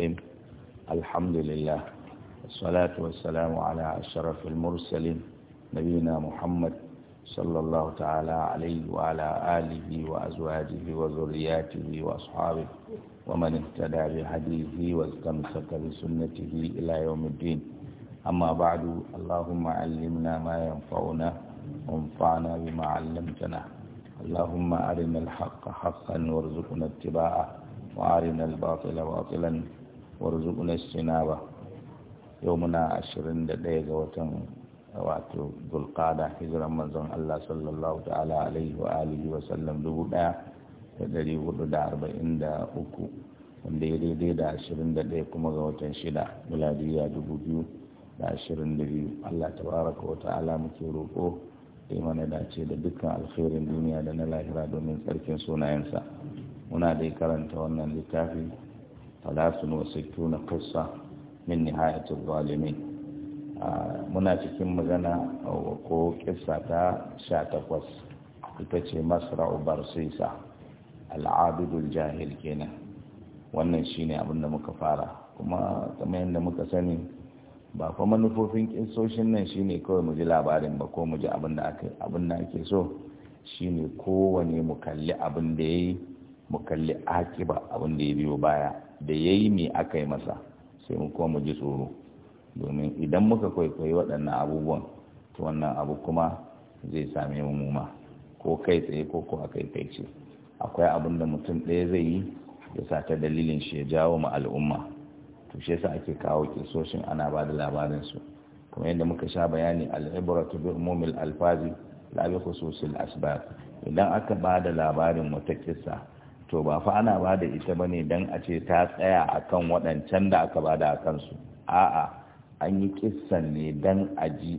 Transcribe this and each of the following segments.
الرحيم الحمد لله والصلاة والسلام على أشرف المرسلين نبينا محمد صلى الله تعالى عليه وعلى آله وأزواجه وذرياته وأصحابه ومن اهتدى بهديه واستمسك بسنته إلى يوم الدين أما بعد اللهم علمنا ما ينفعنا وانفعنا بما علمتنا اللهم أرنا الحق حقا وارزقنا اتباعه وأرنا الباطل باطلا warzuqna sinaba yau muna 21 ga watan wato gulƙada hijiran manzon Allah sallallahu ta'ala alaihi wa alihi wa sallam 1443 wanda ya daidai da 21 kuma ga watan shida miladiya biyu Allah tabaraka wa ala muke roƙo ima na dace da dukkan alkhairin duniya da na lahira domin tsarkin sunayensa muna dai karanta wannan littafi kusa ثلاث وستون muna cikin magana oh, ko kisa ta sha takwas شاتقوس ce masra'u barsisa al'abidul jahil kenan wannan shine abin da muka fara kuma kamar yadda muka sani ba fa manufofin kinsoshin nan shine kawai mu ji labarin ba ko mu ji abin da aka ake so shine kowane mu kalli abin da yayi mu kalli akiba abin da ya biyo baya da ya yi mai aka yi masa sai mu kuma mu ji tsoro domin idan muka kwaikwayi waɗannan abubuwan to wannan abu kuma zai same mu muma ko kai tsaye ko ko kai kai ce akwai abin da mutum ɗaya zai yi ya sa ta dalilin shi ya jawo ma al'umma to shi yasa ake kawo kisoshin ana ba da labarin su kuma yadda muka sha bayani al'ibratu bi umumil alfazi la bi khususil asbab idan aka ba da labarin wata kissa to ba fa ana ba da ita bane dan a ce ta tsaya a kan waɗancan da aka ba da a kansu a'a an yi kissan ne dan a ji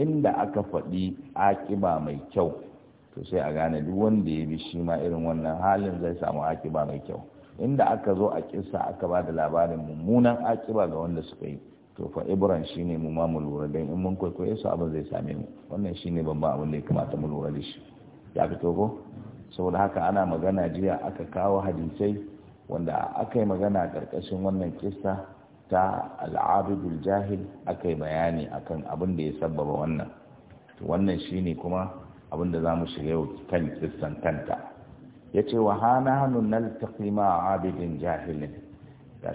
inda aka faɗi akiba mai kyau to sai a gane duk wanda ya bi shi ma irin wannan halin zai samu akiba mai kyau inda aka zo a kissa aka ba da labarin mummunan akiba ga wanda suka yi to fa ibran shine mu ma mu lura dan in mun kwaikwaye su abin zai same mu wannan shine babban abin da ya kamata mu lura da shi ya fito ko saboda haka ana magana jiya aka kawo hadisai wanda aka yi magana ƙarƙashin wannan kista ta al'abidul jahil aka yi bayani akan abin da ya sabbaba wannan wannan shine kuma abin da za mu shiga yau kan kistan kanta ya ce wa hana hannun a abidin jahilin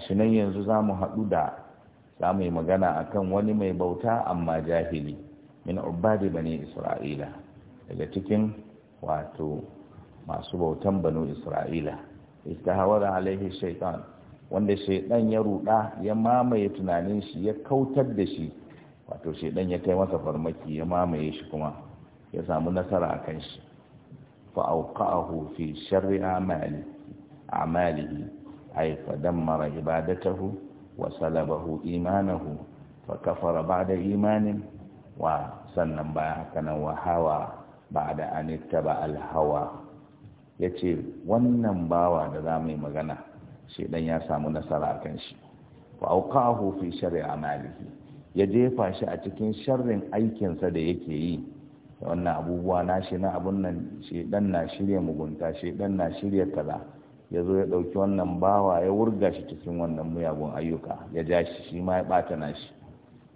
shi nan yanzu za mu haɗu da za mu yi magana a kan wani mai bauta amma jahili min ubadi bane isra'ila daga cikin wato masu bautan banu isra'ila ita hawara alaihi shaitan wanda shaitan ya ruɗa ya mamaye tunanin shi ya kautar da shi wato shaitan ya kai masa farmaki ya mamaye shi kuma ya samu nasara a kan shi fa'auqa'ahu fi sharri amali amalihi fa dammara ibadatahu wa salabahu imanahu fa kafara ba'da imanin wa sannan baya hakanan wa hawa ba'da an ittaba al hawa ya ce wannan bawa da za mu yi magana shaidan ya samu nasara a kan shi fa auqahu fi sharri amalihi ya jefa shi a cikin sharrin aikinsa da yake yi wannan abubuwa na shi na abun nan shaidan na shirya mugunta shaidan na shirya kaza ya zo ya ɗauki wannan bawa ya wurga shi cikin wannan muyagun ayyuka ya ja shi shi ma ya ɓata na shi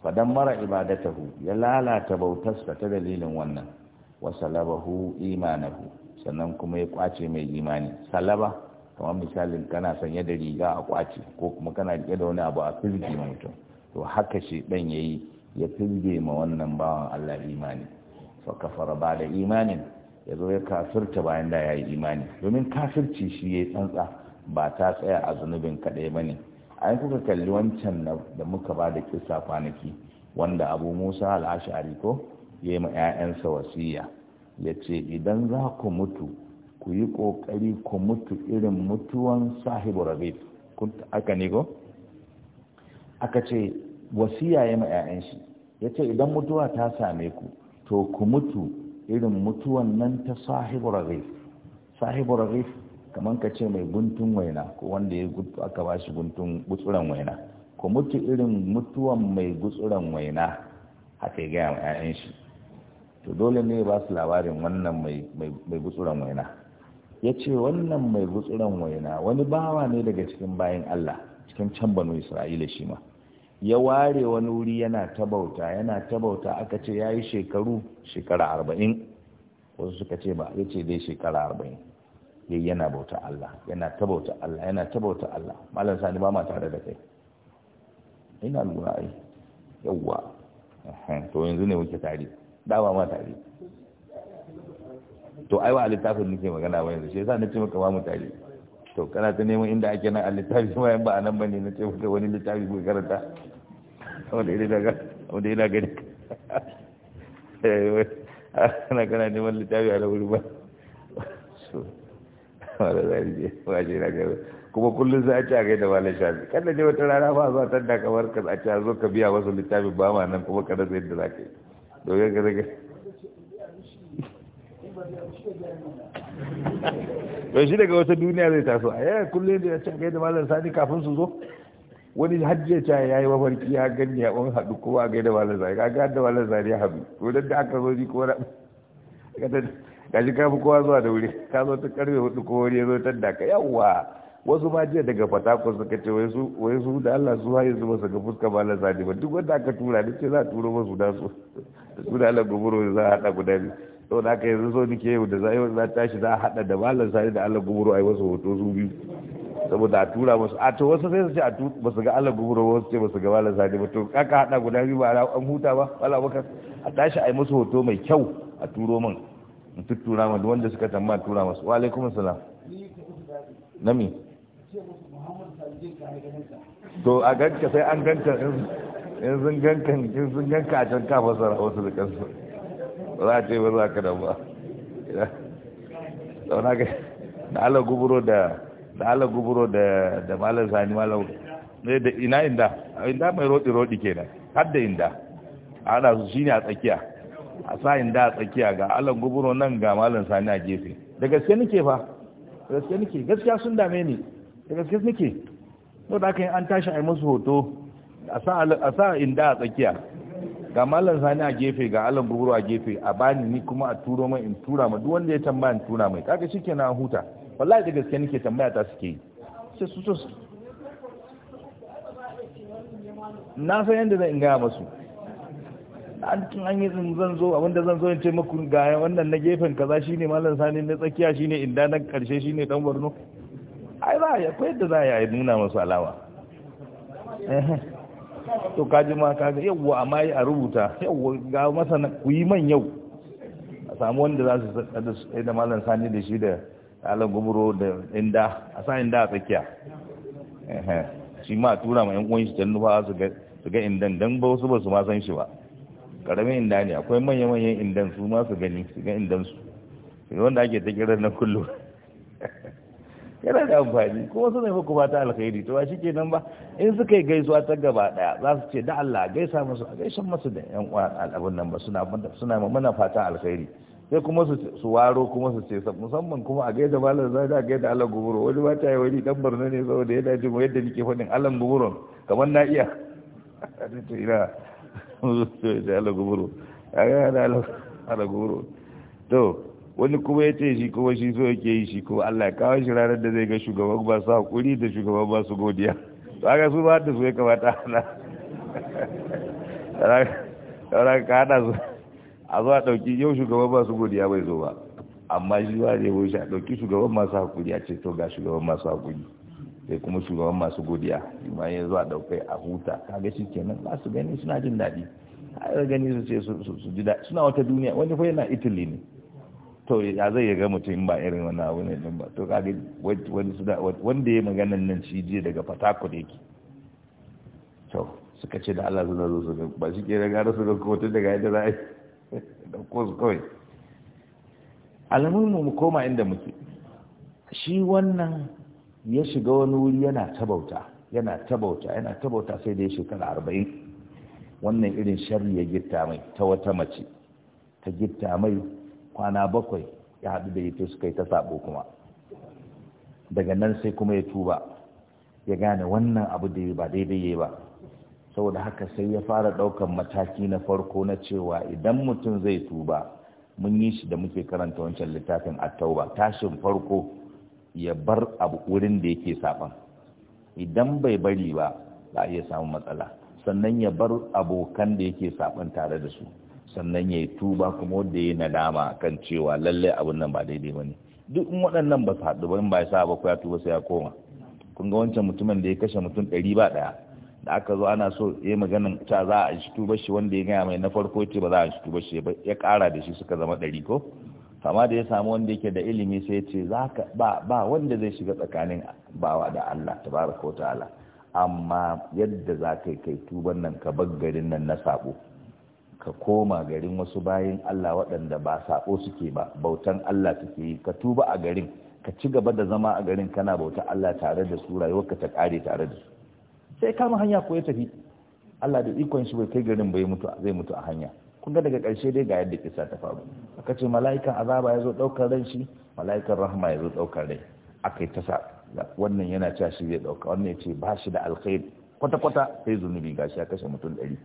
fadan mara ibadatahu ya lalata bautarsa ta dalilin wannan wasalabahu imanahu sannan kuma ya kwace mai imani salaba kamar misalin kana sanye da riga a kwace ko kuma kana rike da wani abu a firge ma mutum to haka shi dan yayi ya firge ma wannan bawan Allah imani fa kafara ba da imanin ya zo ya kafirta bayan da ya yi imani domin kafirci shi ya tsantsa ba ta tsaya a zunubin kaɗai ba ne a kuka kalli wancan da muka ba da kisa kwanaki wanda abu musa al'ashari ko ya yi ma 'ya'yansa wasiya ya ce idan za ku mutu ku yi ƙoƙari ku mutu irin mutuwan sahibu rabit aka ne ko? aka ce wasiya ya ma'ya'yan shi ya ce idan mutuwa ta same ku to ku mutu irin mutuwan nan ta sahibu rabit sahibu rabit kamar ka ce mai guntun waina ko wanda ya gutu aka ba shi guntun gutsuran waina ku mutu irin mutuwan mai gutsuran waina haka ya gaya ma'ya'yan shi to dole ne ba su labarin wannan mai gutsuran waina ya ce wannan mai gutsuran waina wani bawa ne daga cikin bayan Allah cikin can banu Isra'ila shi ma ya ware wani wuri yana tabauta yana tabauta aka ce ya yi shekaru shekara arba'in wasu suka ce ba ya ce dai shekara arba'in yi yana bauta Allah yana tabauta Allah yana tabauta Allah malam sani ba ma tare da kai ina lura ai yawwa to yanzu ne muke tarihi dama ma tare to ai wa littafin nake magana ba yanzu shi yasa nace maka ba mu tare to kana ta neman inda ake nan a ma yan ba a nan bane na ce maka wani littafi ko karanta wanda ina daga wanda ina gani ana eh, kana neman littafi a da wuri ba wanda za ni ba ce na gaba kuma kullum sai a ci a gaida malam shafi kan da ne wata rana ba zuwa tanda kamar ka a ci a zo ka biya wasu littafin ba ma nan kuma kada zai da za ka yi doge bai shi daga wata duniya zai taso a yaya kullum da ya can da malar sani kafin su zo wani hajji ya ce ya yi mafarki ya gani ya ɓan haɗu kowa da malar sani ka ga da malar sani ya haɗu wadda da aka zo ji kowa na ga shi kafin kowa zuwa da wuri ka zo ta karfe hudu ko wani ya zo ta daga yawwa wasu ma jiya daga fatakon suka ce wai su da Allah su haye su masa ga fuska ba la ba duk wanda aka tura ne ce za a turo masu da su su da Allah gumuro za a haɗa guda ne sau da aka yanzu so ke yau da za a za tashi za a haɗa da malar sani da Allah gumuro a yi wasu hoto su biyu saboda a tura masu a to wasu sai su ce a tu masu ga Allah gumuro wasu ce masu ga ga malar sani ba to aka haɗa guda biyu ba an huta ba wala baka a tashi a yi masu hoto mai kyau a turo min in tuttura man wanda suka a tura masu wa alaikum salam nami to a ganka sai an ganka in sun ganka in sun ganka a can kafa sara wasu da kansu za a ce ba za ka da ba ga da ala guburo da da ala guburo da da malar sani malar ne da ina inda inda mai rodi rodi kenan har da inda ana su shine a tsakiya a sa inda a tsakiya ga ala guburo nan ga malar sani a gefe da gaske nake fa gaske nake gaskiya sun dame ni da gaske suke to da aka yi an tashi a yi musu hoto a sa inda a tsakiya ga malam sani a gefe ga alan gurguru a gefe a bani ni kuma a turo mai in tura ma duk wanda ya tambaya in tura mai kaga shike na huta wallahi da gaske nake tambaya ta suke yi sai su so na san yadda zan gaya masu an an yi zan zo abinda zan zo in ce muku ga wannan na gefen kaza shine malam sani na tsakiya shine inda na karshe shine dan borno ai ba ya akwai yadda za a yi nuna masu alama to kaji ma kaga yawwa amma yi a rubuta yawwa ga masana ku yi man yau a samu wanda za su da malam sani da shi da alan gumuro da inda a sa inda a tsakiya shi ma tura ma yan uwan shi can nufa su ga indan dan ba wasu ba su ma san shi ba karamin inda ne akwai manya-manyan indan su ma su gani su ga indan su wanda ake ta kira na kullum yana da amfani kuma su ne hukuma ta alkhairi to ba shi kenan ba in suka yi gaisuwa ta gaba daya za su ce da Allah gaisa musu a gaisan musu da yan uwa al'abun nan ba suna suna mana fata alkhairi sai kuma su waro kuma su ce musamman kuma a gaida malar zai da gaida alan guburo wani ba ta yi wani dan barna ne saboda yana jin yadda nake faɗin alan guburon kamar na iya to ina ce alan guburo a ga da alan guburo to wani kuma ya ce shi kuma shi so yake yi shi kuma Allah ya kawo shi ranar da zai ga shugaban ba su hakuri da shugaban ba su godiya to aka su ba da su ya kamata ana sauran ka hada su a zuwa ɗauki yau shugaban ba su godiya bai zo ba amma shi ba zai bai shi a ɗauki shugaban masu hakuri a ce to ga shugaban masu hakuri sai kuma shugaban masu godiya ma ya zuwa a ɗaukai a huta kaga shi kenan ba su gani suna jin daɗi yi gani su ce su ji daɗi suna wata duniya wani fa yana italy ne to ya zai ga mutum in ba irin wani abu ne din ba to kage wani su da wanda ya magana nan shi je daga fatako da yake to suka ce da Allah suna zo su ga ba shi ke gara su ga kotu daga yadda za a yi da ko su kawai alamun mu koma inda muke shi wannan ya shiga wani wuri yana tabauta yana tabauta yana tabauta sai da ya shekara arba'in wannan irin sharri ya gitta mai ta wata mace ta gitta mai kwana bakwai ya haɗu da ita suka yi ta saɓo kuma daga nan sai kuma ya tuba ya gane wannan abu da ya ba daidai ya ba saboda haka sai ya fara ɗaukan mataki na farko na cewa idan mutum zai tuba mun yi shi da muke karanta wancan littafin attauba tashin farko ya bar abu wurin da yake saban idan bai bari ba za a iya samun matsala sannan ya bar abokan da yake saban tare da su sannan ya yi tuba kuma wanda ya nadama kan cewa lallai abin nan ba daidai ba ne duk waɗannan ba su haɗu ba ba ya sa ba ya tuba sai ya koma kun ga wancan mutumin da ya kashe mutum ɗari ba ɗaya da aka zo ana so ya maganin ta za a shi tuba shi wanda ya gaya mai na farko ce ba za a shi tuba shi ya kara da shi suka zama ɗari ko amma da ya samu wanda yake da ilimi sai ya ce ba ba wanda zai shiga tsakanin bawa da Allah tabaraka wa ta'ala amma yadda za ka kai tuban nan ka bar garin nan na sabo ka koma garin wasu bayin Allah waɗanda ba saɓo suke ba bautan Allah suke yi ka tuba a garin ka ci gaba da zama a garin kana bauta Allah tare da su rayuwarka ta ƙare tare da su sai kama hanya ko ya tafi Allah da ikon shi bai kai garin bai mutu zai mutu a hanya kun ga daga ƙarshe dai ga yadda kisa ta faru aka ce mala'ikan azaba ya zo ɗaukar ran shi mala'ikan rahama ya zo ɗaukar rai aka yi ta sa wannan yana cewa shi zai ɗauka wannan ya ce ba shi da alkhairi kwata-kwata sai zunubi gashi ya kashe mutum ɗari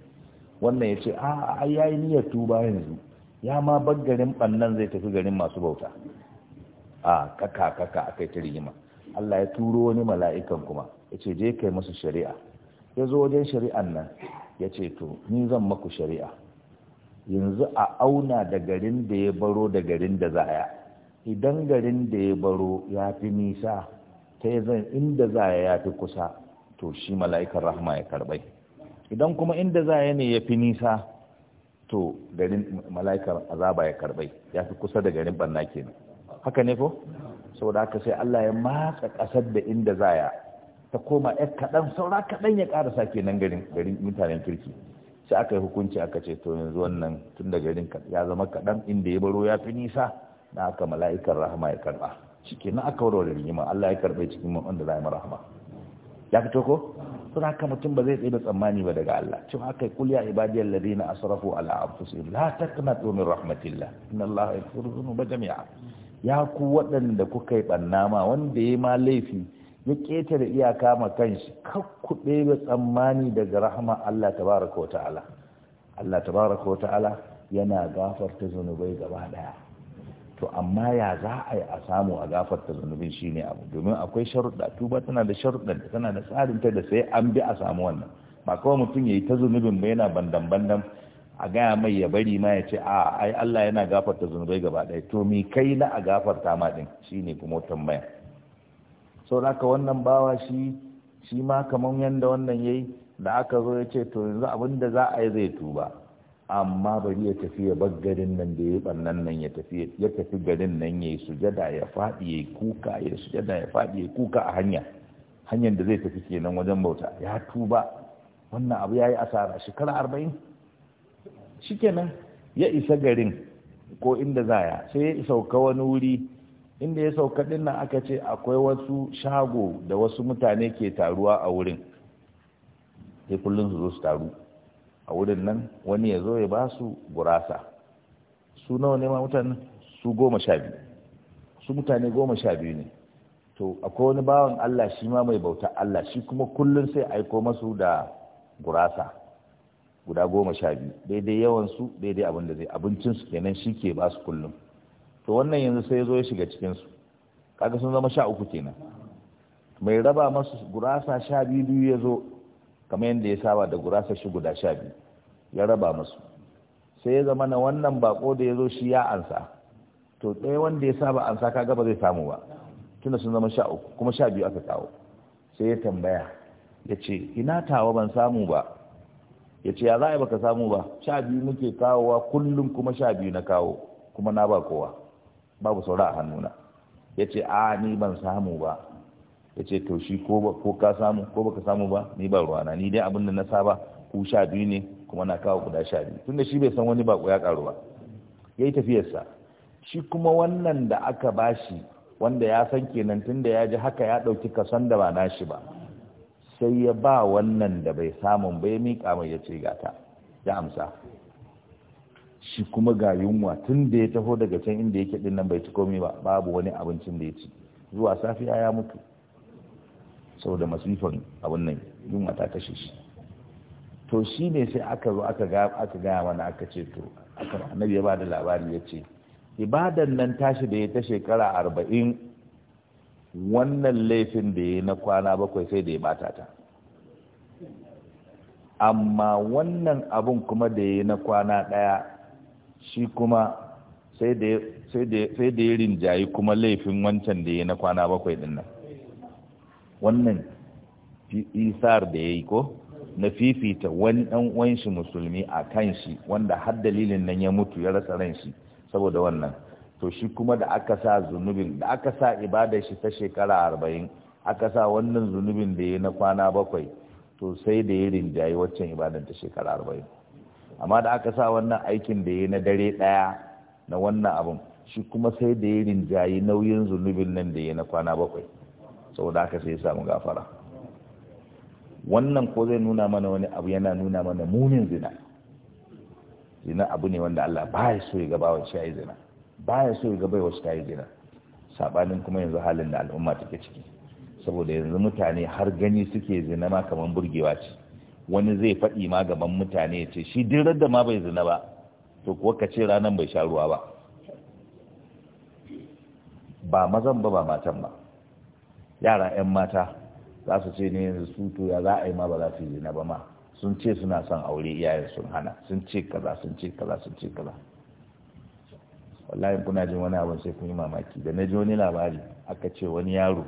wannan ya ce a yayi niyyar tuba yanzu ya ma bar garin ɓannan zai tafi garin masu bauta a kaka kaka a kai ta rigima Allah ya turo wani mala'ikan kuma ya ce je kai musu shari'a ya zo wajen shari'an nan ya ce to ni zan maku shari'a yanzu a auna da garin da ya baro da garin da zaya idan garin da ya baro ya fi nisa ta zan inda zaya ya fi kusa to shi mala'ikan rahma ya karɓai idan kuma inda za ya ne ya fi nisa to garin mala'ikar azaba ya karbai ya fi kusa da garin banna kenan haka ne ko saboda haka sai Allah ya matsa kasar da inda za ya ta koma ya kaɗan saura kaɗan ya ƙarasa kenan garin garin mutanen kirki sai aka yi hukunci aka ce to yanzu wannan tun da garin ya zama kaɗan inda ya baro ya fi nisa na aka mala'ikar rahama ya karɓa ciki na aka warware rigima Allah ya karɓe cikin wanda za ya rahama ya fito ko sun haka mutum ba zai tsaye tsammani ba daga Allah cin haka kul ya ibadiyal ladina asrafu ala anfusihim la taqnatu min rahmatillah inna Allah yaghfiru dhunuba jami'a ya ku waɗanda kuka yi banna ma wanda yayi ma laifi ya da iyaka ma kanshi ku ba tsammani daga rahma Allah tabaraka wa ta'ala Allah tabaraka wa ta'ala yana gafarta zunubai gaba ɗaya. to amma ya za a yi a samu a gafarta zunubin shi ne abu domin akwai sharuɗa tuba tana da sharuɗa tana da tsarin ta da sai an bi a samu wannan ba kawai mutum ya yi ta zunubin ba yana bandan bandan a gaya mai ya bari ma ya ce a ai Allah yana gafarta zunubai gaba ɗaya to mi kai na a gafarta ma ɗin shi ne kuma maya sau da aka wannan bawa shi shi ma kamar yadda wannan ya yi da aka zo ya ce to yanzu abin da za a yi zai tuba amma bari ya tafiya ya bar garin nan da ya bannan nan ya tafi ya tafi garin nan ya yi sujada ya faɗi ya kuka ya sujada ya faɗi ya kuka a hanya hanyar da zai tafi kenan wajen bauta ya tuba wannan abu ya yi asara shekara arba'in shi kenan ya isa garin ko inda zaya sai ya sauka wani wuri inda ya sauka ɗin nan aka ce akwai wasu shago da wasu mutane ke taruwa a wurin sai kullum su zo su taru a wurin nan wani ya zo ya ba su gurasa su nawa ne ma mutane su goma sha biyu su mutane goma sha biyu ne to akwai wani bawan Allah shi ma mai bauta Allah shi kuma kullum sai aiko masu da gurasa guda goma sha biyu daidai yawan su daidai abin da zai abincin su kenan shi ke ba su kullum to wannan yanzu sai ya zo ya shiga cikin su kaga sun zama sha uku kenan mai raba masu gurasa sha biyu biyu ya zo kamar yadda ya saba da gurasa shi guda sha biyu ya raba masu sai ya zama na wannan bako da ya zo shi ya ansa to ɗaya wanda ya saba ansa kaga ba zai samu ba tunda sun zama sha uku kuma sha biyu aka kawo sai ya tambaya ya ce ina tawa ban samu ba ya ce ya za a baka samu ba sha biyu muke kawowa kullum kuma sha biyu na kawo kuma na ba kowa babu saura a hannuna ya ce a ni ban samu ba ya ce to shi ko ka samu ko baka samu ba ni ba ruwana ni dai abin da na saba ku sha biyu ne kuma na kawo guda sha biyu tunda shi bai san wani bako ya karu ba ya yi tafiyarsa shi kuma wannan da aka bashi wanda ya san kenan tunda ya ji haka ya ɗauki kason da ba nashi ba sai ya ba wannan da bai samun ya miƙa mai ya ce gata ya amsa shi kuma ga yunwa tun da ya taho daga can inda yake ɗin nan bai ci komai ba babu wani abincin da ya ci zuwa safiya ya mutu saboda masifan abin nan yunwa ta kashe shi to shi ne sai aka zo aka gaya wani aka ce to aka annabi ya ba da labari ya ce ibadan nan tashi da ya ta shekara arba'in wannan laifin da ya na kwana bakwai sai da ya bata ta amma wannan abun kuma da ya na kwana ɗaya shi kuma sai da ya rinjayi kuma laifin wancan da ya na kwana bakwai dinnan. wannan isar da ya yi ko na fifita wani ɗan uwan musulmi a kan shi wanda har dalilin nan ya mutu ya rasa ran shi saboda wannan to shi kuma da aka sa zunubin da aka sa ibadar shi ta shekara arba'in aka sa wannan zunubin da ya na kwana bakwai to sai da ya rinjayi waccan ibadar ta shekara arba'in amma da aka sa wannan aikin da ya na dare ɗaya na wannan abun shi kuma sai da ya rinjayi nauyin zunubin nan da ya na kwana bakwai saboda haka sai ya samu gafara wannan ko zai nuna mana wani abu yana nuna mana munin zina zina abu ne wanda Allah baya so ya gaba wacce yayi zina baya so ya gaba wacce tayi zina sabanin kuma yanzu halin da al'umma take ciki saboda yanzu mutane har gani suke zina ma kaman burgewa ce wani zai faɗi ma gaban mutane ya ce shi dirar da ma bai zina ba to kuwa ka ce ranar bai sha ruwa ba ba mazan ba ba matan ba yara 'yan mata za su ce ne yanzu su to ya za a yi ma ba za su yi ba ma sun ce suna son aure iyayen sun hana sun ce kaza sun ce kaza sun ce kaza wallahi kuna jin wani abu sai kun yi mamaki da na ji wani labari aka ce wani yaro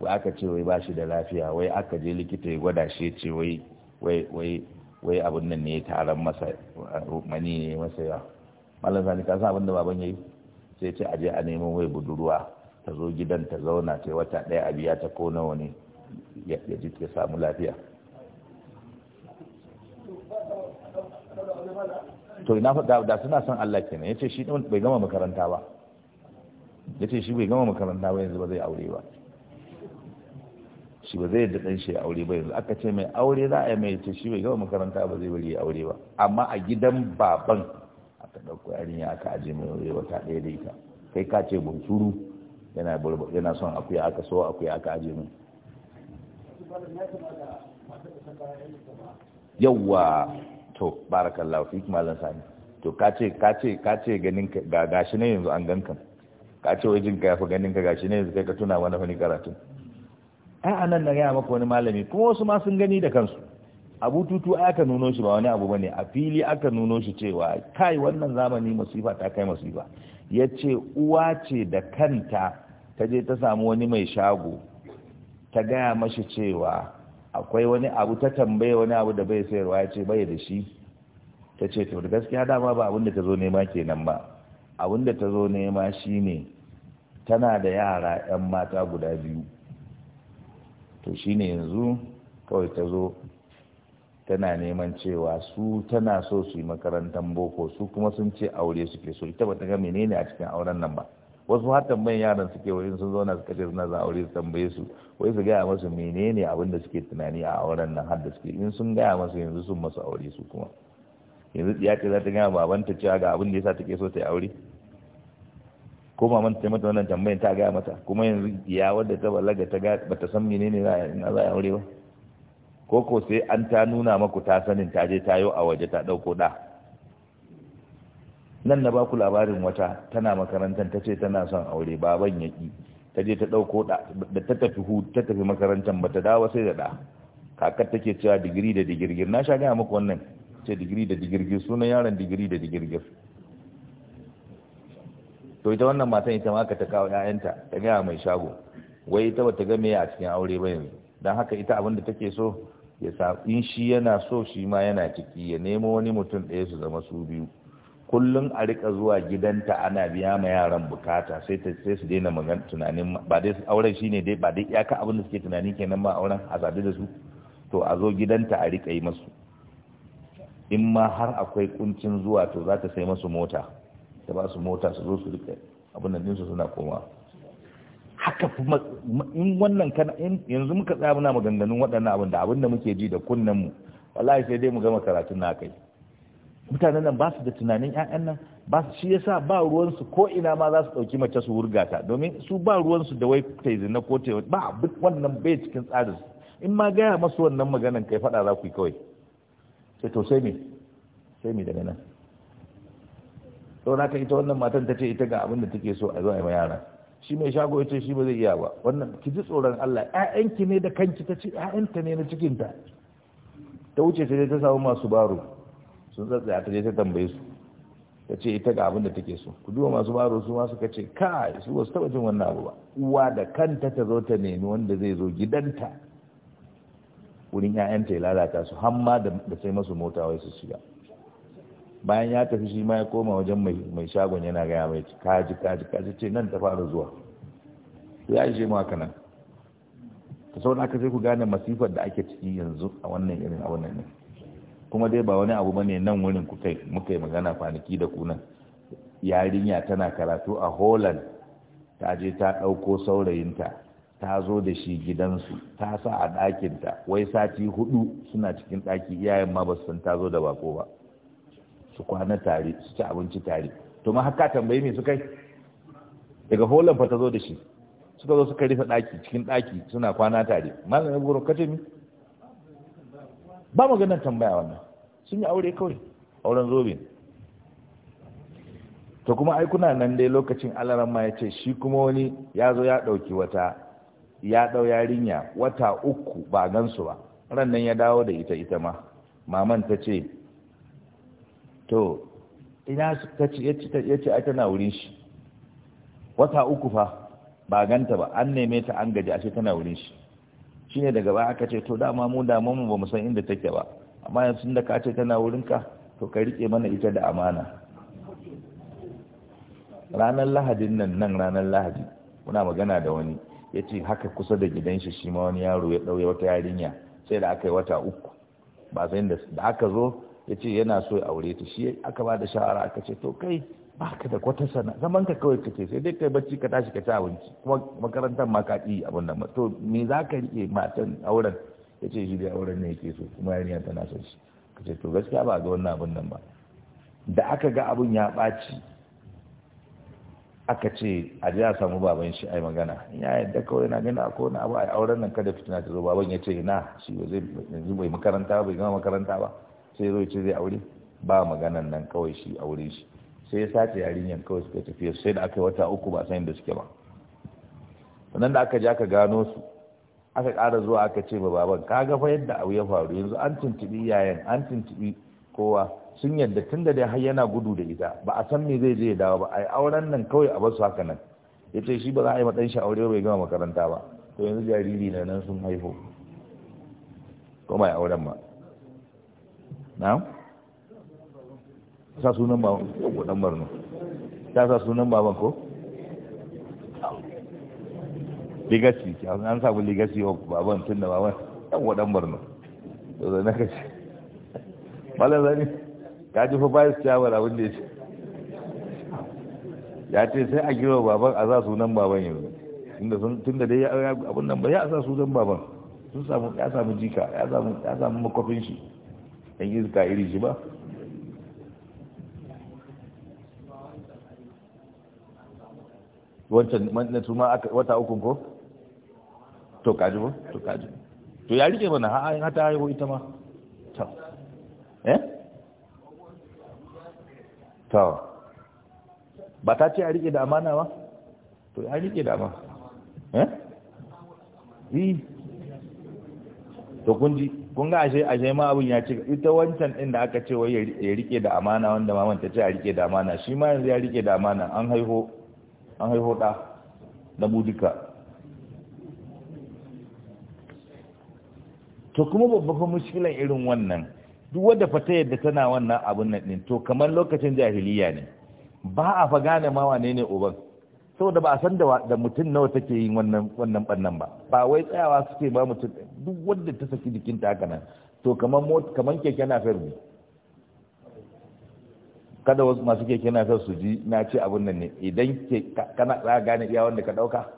wai aka ce wai bashi da lafiya wai aka je likita ya gwada shi ya ce wai wai wai wai abin nan ne taron masa mani ne masa yawa malam sani ka san abin da baban yayi sai ce aje a neman wai budurwa ta zo gidan ta zauna ta wata ɗaya a biya ta ko nawa ne ya ji ta samu lafiya to ina faɗa da suna son Allah kenan yace shi bai gama makaranta ba yace shi bai gama makaranta ba yanzu ba zai aure ba shi ba zai ɗan shi aure ba yanzu aka ce mai aure za a yi mai ce shi bai gama makaranta ba zai bari aure ba amma a gidan baban aka ɗauko yarinya aka aje mai aure wata ɗaya da ita kai ka ce bunsuru yana yana son akuya aka so akuya aka aje mu yawwa to barakallahu fik malam sani to kace kace kace ganin ka ga gashi ne yanzu an ganka kace wai jin ka yafi ganin ka gashi ne yanzu kai ka tuna wani fani karatu ai anan na gaya maka wani malami kuma wasu ma sun gani da kansu abu tutu aka nuno shi ba wani abu bane a fili aka nuno shi cewa kai wannan zamani masifa ta kai masifa ya ce uwa ce da kanta ta je ta samu wani mai shago ta gaya mashi cewa akwai wani abu ta tambaye wani abu da bai sayarwa ya ce bai da shi ta ce to gaskiya dama ba abinda da ta zo nema kenan ba abinda da ta zo nema shi ne tana da yara 'yan mata guda biyu to shi ne yanzu kawai ta zo tana neman cewa su tana so su yi makarantar boko su kuma sun ce aure suke so ita bata ga menene a cikin auren nan ba wasu har tambayin yaran suke wajen sun zauna suka ce suna za aure su tambaye su wai su gaya masu menene abin da suke tunani a auren nan har da suke in sun gaya masu yanzu sun masu aure su kuma yanzu ya ce za ta gaya babanta cewa ga abin da yasa take so ta yi aure ko maman ta mata wannan tambayin ta gaya mata kuma yanzu ya wadda ta balaga ta ga bata san menene za a yi aure ba ko ko sai an ta nuna maku ta sanin ta je tayo a waje ta ɗauko ɗa nan na baku labarin wata tana makarantar ta ce tana son aure baban ya ƙi ta je ta ɗauko ɗa da ta tafi hu ta tafi makarantar ba ta dawo sai da ɗa kakar take cewa digiri da digirgir na sha gaya muku wannan ce digiri da digirgir sunan yaron digiri da digirgir to ita wannan matan ita ma ka ta kawo ƴaƴanta ta gaya mai shago wai ita ba ta ga me a cikin aure ba yanzu don haka ita abin da take so ya in shi yana so shi ma yana ciki ya nemo wani mutum ɗaya su zama su biyu kullum a rika zuwa gidanta ana biya ma yaran bukata sai ta sai su daina magana tunanin ba dai auren shine dai ba dai iyaka abin da suke tunani kenan ba auren a sadu da su to a zo gidanta a rika yi masu in ma har akwai kuncin zuwa to za ta sai masu mota ta ba su mota su zo su rika abin nan su suna komawa haka in wannan kana yanzu muka tsaya muna maganganun waɗannan abin da abin da muke ji da kunnen mu wallahi sai dai mu gama karatun na kai mutanen nan ba su da tunanin ƴaƴan nan ba su shi yasa ba ruwan su ko ina ma za su dauki mace su wurga ta domin su ba ruwan su da wai ta zina ko ta ba duk wannan bai cikin tsarin in ma gaya masu wannan maganan kai faɗa za ku yi kawai sai to sai me sai me daga nan to na ka ita wannan matan ta ce ita ga abin da take so a zo a yi ma shi mai shago ya ce shi ba zai iya ba wannan ki ji tsoron Allah ƴaƴanki ne da kanki ta ci ƴaƴanta ne na cikin ta ta wuce sai ta samu masu baro sun tsatsaya ta je ta tambaye su ta ce ita ga abin da take so ku duba masu baro su ma suka ce kai su ba su taba jin wannan abu ba uwa da kanta ta zo ta nemi wanda zai zo gidanta wurin ƴaƴanta ya lalata su hamma da sai masu mota wai su shiga bayan ya tafi shi ma ya koma wajen mai shagon yana gaya mai kaji kaji kaji ce nan ta fara zuwa to ya ishe maka nan ta sau aka sai ku gane masifar da ake ciki yanzu a wannan irin a nan kuma dai ba wani abu bane nan wurin ku kai muka yi magana kwanaki da ku nan yarinya tana karatu a holland ta je ta ɗauko saurayinta ta zo da shi gidansu ta sa a ɗakinta wai sati hudu suna cikin ɗaki iyayen ma ba su san ta zo da bako ba su kwana tare su ci abinci tare to ma haka tambayi me su kai daga holan fa ta zo da shi suka zo suka rufe daki cikin daki suna kwana tare malam ya goro kace mi ba maganar tambaya wannan sun yi aure kawai auren zobe to kuma ai kuna nan dai lokacin alaran ma ya ce shi kuma wani ya zo ya ɗauki wata ya dau yarinya wata uku ba gansu ba ran nan ya dawo da ita ita ma maman ta ce to ina ta ce ya ci ai tana wurin shi wata uku fa ba ganta ba an neme ta an gaji ashe tana wurin shi Shi ne daga ba aka ce to dama mu damu mu bamu san inda take ba amma yanzu da ka ce tana wurin ka to ka rike mana ita da amana ranar lahadin nan nan ranar lahadi muna magana da wani ya ce haka kusa da gidan shi shi ma wani yaro ya ɗauye wata yarinya sai da aka yi wata uku ba sai da aka zo ya ce yana so ya aure ta shi aka ba da shawara aka ce to kai ba ka da kwata sana zaman ka kawai kake sai dai kai bacci ka tashi ka ci abinci kuma makarantar ma ka ɗi abin nan to me za ka riƙe matan auren ya ce shi dai auren ne yake so kuma yarinya tana son shi ka ce to gaskiya ba ga wannan abin nan ba da aka ga abin ya ɓaci aka ce a ji a samu baban shi a yi magana ya yadda kawai na gani a kowane abu a auren nan kada fitina ta zo baban ya ce na shi ba zai yanzu bai makaranta ba bai gama makaranta ba sai zo ce zai aure ba maganan nan kawai shi aure shi sai ya sace yarinyar kawai suka tafi sai da aka yi wata uku ba san da suke ba sannan da aka je aka gano su aka kara zuwa aka ce ba baban ka ga fa yadda abu ya faru yanzu an tuntubi yayan an tuntubi kowa sun yadda tun da dai har yana gudu da ita ba a san me zai je ya dawo ba ai auren nan kawai a basu haka nan ya ce shi ba za a yi ma ɗanshi aure bai gama makaranta ba to yanzu jariri na nan sun haifo ko mai auren ma na'am sa sunan baban ko dan barno ta sa sunan baban ko legacy an samu legacy of baban tun baban dan wadan barno to da naka ce malam zani ka ji fa bayis shawara abin da ya ce ya ce sai a girma baban a sa sunan baban yanzu tun da dai abin nan ba ya sa sunan baban sun samu ya samu jika ya samu makofin shi yan ka iri shi ba wancan na tuma wata uku ko to kaji ba to kaji to ya rike mana ha'ayin hata haihu ita ma ta eh ta ba ta ce a rike da amana ba to ya rike da amana eh yi to kun ji kun ga ashe ashe ma abun ya ce ita wancan din da aka ce wai ya rike da amana wanda maman ta ce a rike da amana shi ma yanzu ya rike da amana an haiho an haiho da da budika to kuma babban mushkilan irin wannan duk wadda fata yadda tana wannan abun nan din to kamar lokacin jahiliya ne ba a fa gane ma wane ne uban saboda ba a san da mutum nawa take yin wannan wannan bannan ba ba wai tsayawa suke ba mutum duk wanda ta saki ta haka nan to kamar kamar keke na fermi kada wasu masu keke na fayar su ji na ce abin nan ne idan ke kana za gane iya wanda ka dauka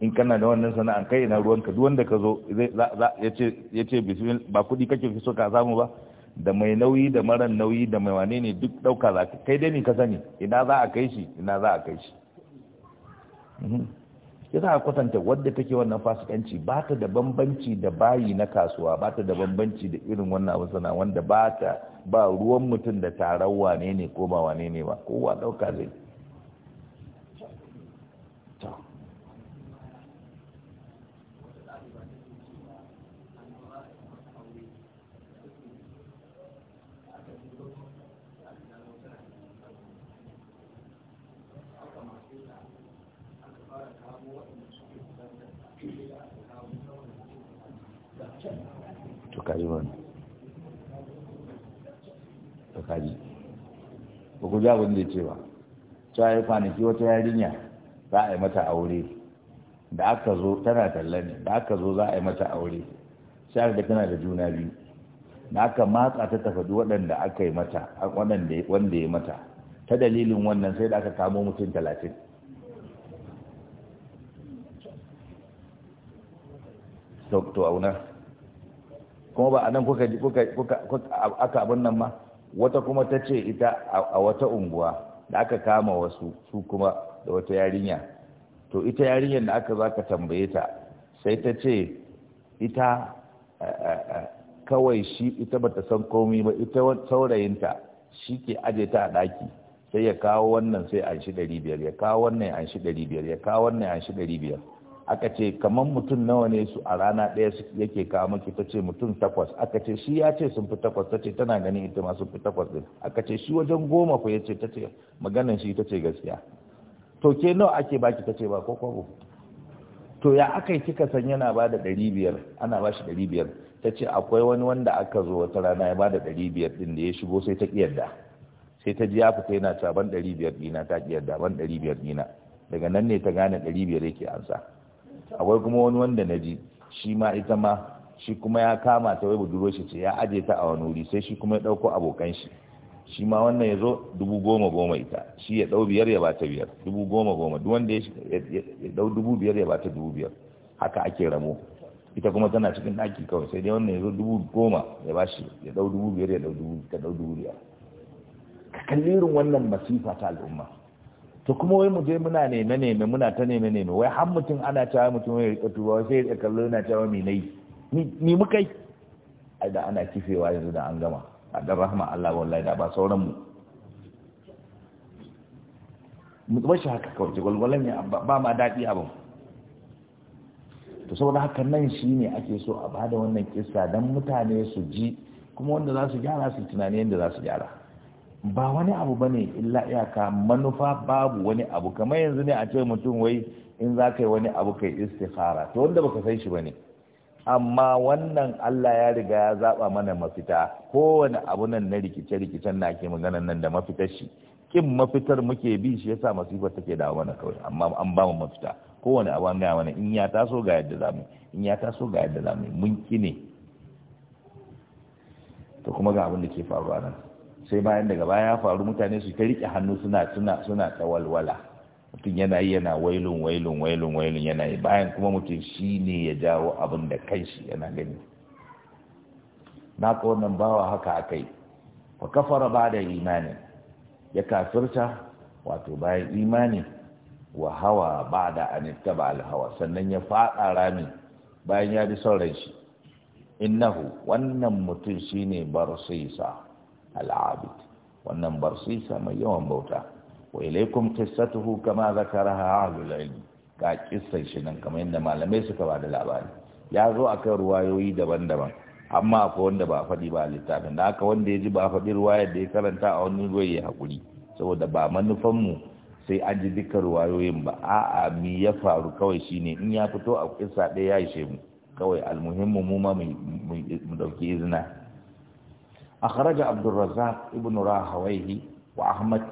in kana da wannan sana'an kai na ruwanka duk wanda ka zo ya ce bismillah ba kudi kake fi so ka samu ba da mai nauyi da maran nauyi da mai wane ne duk ɗauka za ka kai dai ni ka sani ina za a kai shi ina za a kai shi mhm. ya za a kwatanta wadda take wannan fasikanci ba ta da bambanci da bayi na kasuwa ba ta da bambanci da irin wannan abu wanda ba ta ba ruwan mutum da taron wane ne ko ba wane ne ba kowa ɗauka zai ji abin da ya ce ba ta yi kwanaki wata yarinya za a yi mata aure da aka zo tana talla ne da aka zo za a yi mata aure sai da tana da juna biyu da aka matsa ta tafadu waɗanda aka yi mata wanda ya mata ta dalilin wannan sai da aka kamo mutum talatin to auna kuma ba a nan kuka aka abin nan ma wata kuma ta ce ita a wata unguwa da aka kama wasu su kuma da wata yarinya to ita yarinyar da aka zaka tambaye ta sai ta ce ita kawai shi ita bata san komi ba ita saurayinta shi ke aje ta a ɗaki sai ya kawo wannan sai an shi ɗari biyar ya kawo wannan an shi ɗari biyar ya kawo wannan an shi ɗari biyar aka ce kamar mutum nawa ne su a rana ɗaya yake kawo maki ta ce mutum takwas aka ce shi ya ce sun fi takwas ta ce tana ganin ita ma sun fi takwas ɗin aka ce shi wajen goma ku ya ce ta ce maganan shi ta ce gaskiya to ke nawa ake baki ta ce ba ko kwabo to ya aka yi kika san yana ba da ɗari biyar ana ba shi ɗari biyar ta ce akwai wani wanda aka zo wata rana ya ba da ɗari biyar ɗin da ya shigo sai ta ƙiyarda sai ta ji ya fita yana cewa ban ɗari biyar ɗina ta ƙiyarda ban ɗari biyar ɗina daga nan ne ta gane ɗari biyar yake ansa akwai kuma wani wanda na ji shi ma ita ma shi kuma ya kama ta wai buduro shi ce ya aje ta a wani wuri sai shi kuma ya ɗauko abokan shi shi ma wannan ya zo dubu goma goma ita shi ya ɗau biyar ya bata biyar dubu goma goma duk wanda ya ɗau dubu biyar ya bata dubu biyar haka ake ramo ita kuma tana cikin ɗaki kawai sai dai wannan ya zo dubu goma ya ba shi ya ɗau dubu biyar ya dau dubu ta ɗau dubu biyar ka kalli irin wannan masifa ta al'umma to kuma wai mu je muna neme neme muna ta neme neme wai har mutum ana cewa mutum ya rika tuba wai sai ya kallo yana cewa me nayi ni mu kai ai da ana kifewa yanzu da an gama a da rahma Allah wallahi da ba sauran mu mu shi haka kawai gwalgwalan ne ba ma daɗi abin to saboda haka nan shi ne ake so a bada wannan kissa don mutane su ji kuma wanda za su gyara su tunani yadda za su gyara ba wani abu ba ne illa iyaka manufa babu wani abu kamar yanzu ne a ce mutum wai in za ka yi wani abu kai istikhara to wanda baka san shi ba ne amma wannan Allah ya riga ya zaba mana mafita kowane abu nan na rikice-rikicen na ke magana nan da mafitar shi kin mafitar muke bi shi yasa masifar take dawo mana kawai amma an ba mu mafita kowane abu an gaya mana in ya taso ga yadda zamu in ya taso ga yadda zamu mun kine to kuma ga abin da ke faruwa nan sai bayan daga baya ya faru mutane su ta rike hannu suna suna suna ta mutum yana yi yana wailun wailun wailun wailun yana yi bayan kuma mutum shi ne ya jawo abin da kai shi yana gani na ka wannan bawa haka akai fa kafara ba da imani ya kafirta wato bayan imani wa hawa ba da anittaba alhawa sannan ya faɗa rami bayan ya bi son shi innahu wannan mutum shine sa. wannan bar wannan barsisa mai yawan bauta wa ilaikum hu! kama zakaraha ahlul ilm ga kissar shi nan kamar yadda malamai suka ba da labari ya zo a kan ruwayoyi daban-daban amma akwai wanda ba faɗi ba littafin da aka wanda ya ji ba faɗi ruwayar da ya karanta a wani ruwa ya haƙuri saboda ba manufanmu sai an ji dukkan ruwayoyin ba a'a mi ya faru kawai shine in ya fito a kisa ɗaya ya ishe mu kawai almuhimmu mu ma mu ɗauki izina akhraja abdurrazzaq ibn rahawayhi wa ahmad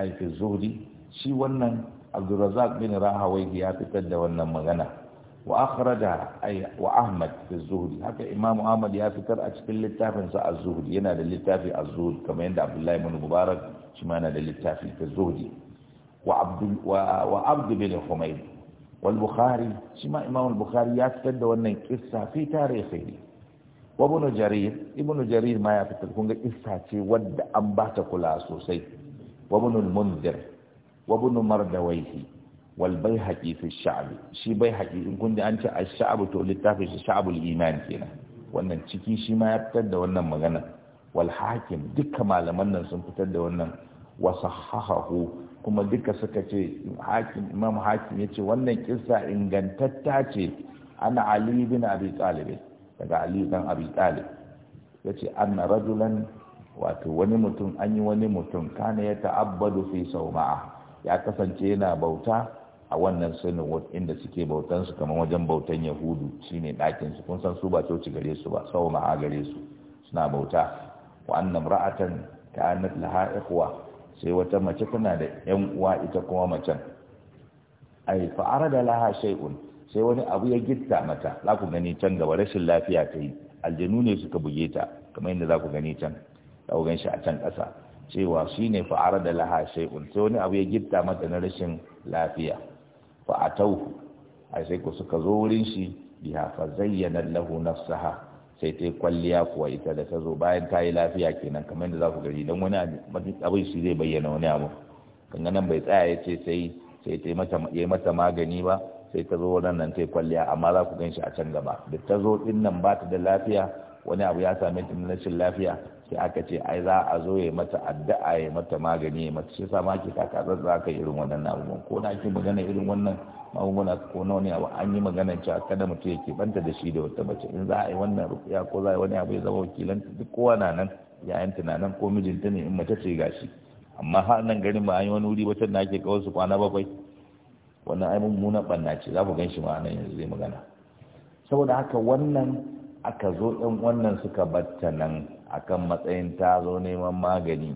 ay fi zuhri shi wannan abdurrazzaq bin rahawayhi ya fitar da wannan magana wa akhraja ay wa ahmad fi zuhri haka imamu ahmad ya fitar a cikin littafin sa az yana da littafi az-zuhri kamar yadda abdullahi ibn mubarak shi ma yana da littafi fi zuhri wa abdul wa bukhari al-bukhari ya fitar da wannan kissa ya tarihi Wabunu jarir ibnu jarir ma ya fitar kun ga kissa ce wadda an ba ta kula sosai wa mundir, munzir wa ibnu mardawaihi wal bai haƙi fi sha'b shi bai haƙi, in kun ji an ce ash sha'abu to littafin shi sha'bul iman kenan wannan ciki shi ma ya fitar da wannan magana wal hakim duka malaman nan sun fitar da wannan wa sahahahu kuma duka suka ce hakim imam hakim ce wannan kissa ingantatta ce ana ali bin abi talib daga Ali dan Abi Talib yace anna rajulan wato wani mutum an yi wani mutum kana ya ta'abbadu fi sauma'a ya kasance yana bauta a wannan sunan inda suke bautan su kamar wajen bautan yahudu shine ɗakin su kun san su ba coci gare su ba sauma'a gare su suna bauta wa annam ra'atan kanat laha ikhwa sai wata mace tana da yan uwa ita kuma macen ai fa arada laha shay'un sai wani abu ya gitta mata za ku gani can gaba rashin lafiya ta yi aljanu ne suka buge ta kamar yadda za ku gani can za ku gan shi a can ƙasa cewa shi ne fa'ara da laha shai'un sai wani abu ya gitta mata na rashin lafiya fa'atau a sai ku suka zo wurin shi biya fa zayyana lahu nafsaha sai ta kwalliya kuwa ita da ta zo bayan ta yi lafiya kenan kamar yadda za ku gani don wani abin shi zai bayyana wani abu kan nan bai tsaya ya ce sai sai ta yi mata magani ba sai ta zo wannan nan ta yi kwalliya amma za ku gan shi a can gaba da ta zo din nan ba ta da lafiya wani abu ya same ta na rashin lafiya sai aka ce ai za a zo ya mata addu'a ya mata magani ya mata shi sa ma ke taka zan za ka irin wannan abubuwan ko na ki magana irin wannan magunguna ko na wani abu an yi magana cewa kada mutum ya banta da shi da wata mace in za a yi wannan rukiya ko za a yi wani abu ya zama wakilan duk kowa na nan yayin tunanin ko mijinta ne in mace ce gashi amma har nan garin ba an yi wani wuri wacce da ake kawo su kwana bakwai wannan ai mummuna banna ce za ku gan shi nan yanzu zai magana saboda haka wannan aka zo ɗan wannan suka batta nan akan matsayin ta zo neman magani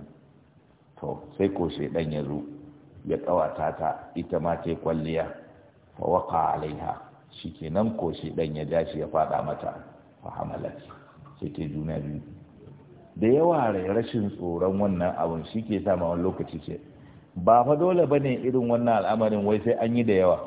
to sai ko dan ya zo ya ƙawata ta ita ma ce kwalliya fa waka alaiha shikenan ko dan ya dace ya fada mata fa hamalat sai ta juna biyu da yawa rashin tsoron wannan abun shi ke sa ma wani lokaci ce ba fa dole ba ne irin wannan al'amarin wai sai an yi da yawa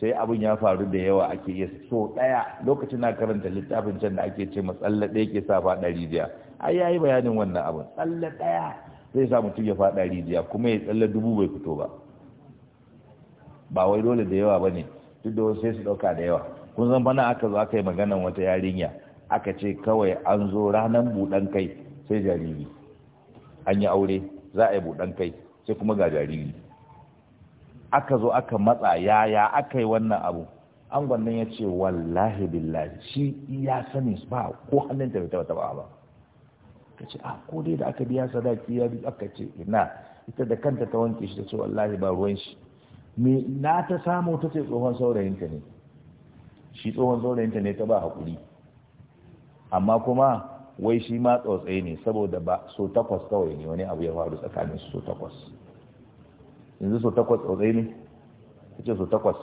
sai abin ya faru da yawa ake iya so daya lokacin na karanta littafin can da ake ce matsalla ɗaya ke sa faɗa rijiya ai yayi bayanin wannan abin tsalla ɗaya zai sa mutum ya faɗa rijiya kuma ya tsalla dubu bai fito ba ba wai dole da yawa ba ne duk da wasu sai su ɗauka da yawa kun san bana aka zo aka yi maganan wata yarinya aka ce kawai an zo ranar buɗan kai sai jariri an yi aure za a yi buɗan kai sai kuma ga jariri aka zo aka matsa yaya aka yi wannan abu an gwannan ya ce wallahi billahi shi ya sani ba ko hannun ta wata ba ka ce a ko dai da aka biya sadaki ya bi aka ce ina ita da kanta ta wanke shi ta ce wallahi ba ruwan shi me na ta samu ta ce tsohon saurayinta ne shi tsohon saurayinta ne ta ba hakuri? amma kuma wai shi ma tsotsai ne saboda ba so takwas kawai ne wani abu ya faru tsakanin su so takwas yanzu so takwas tsotsai ne ta ce so takwas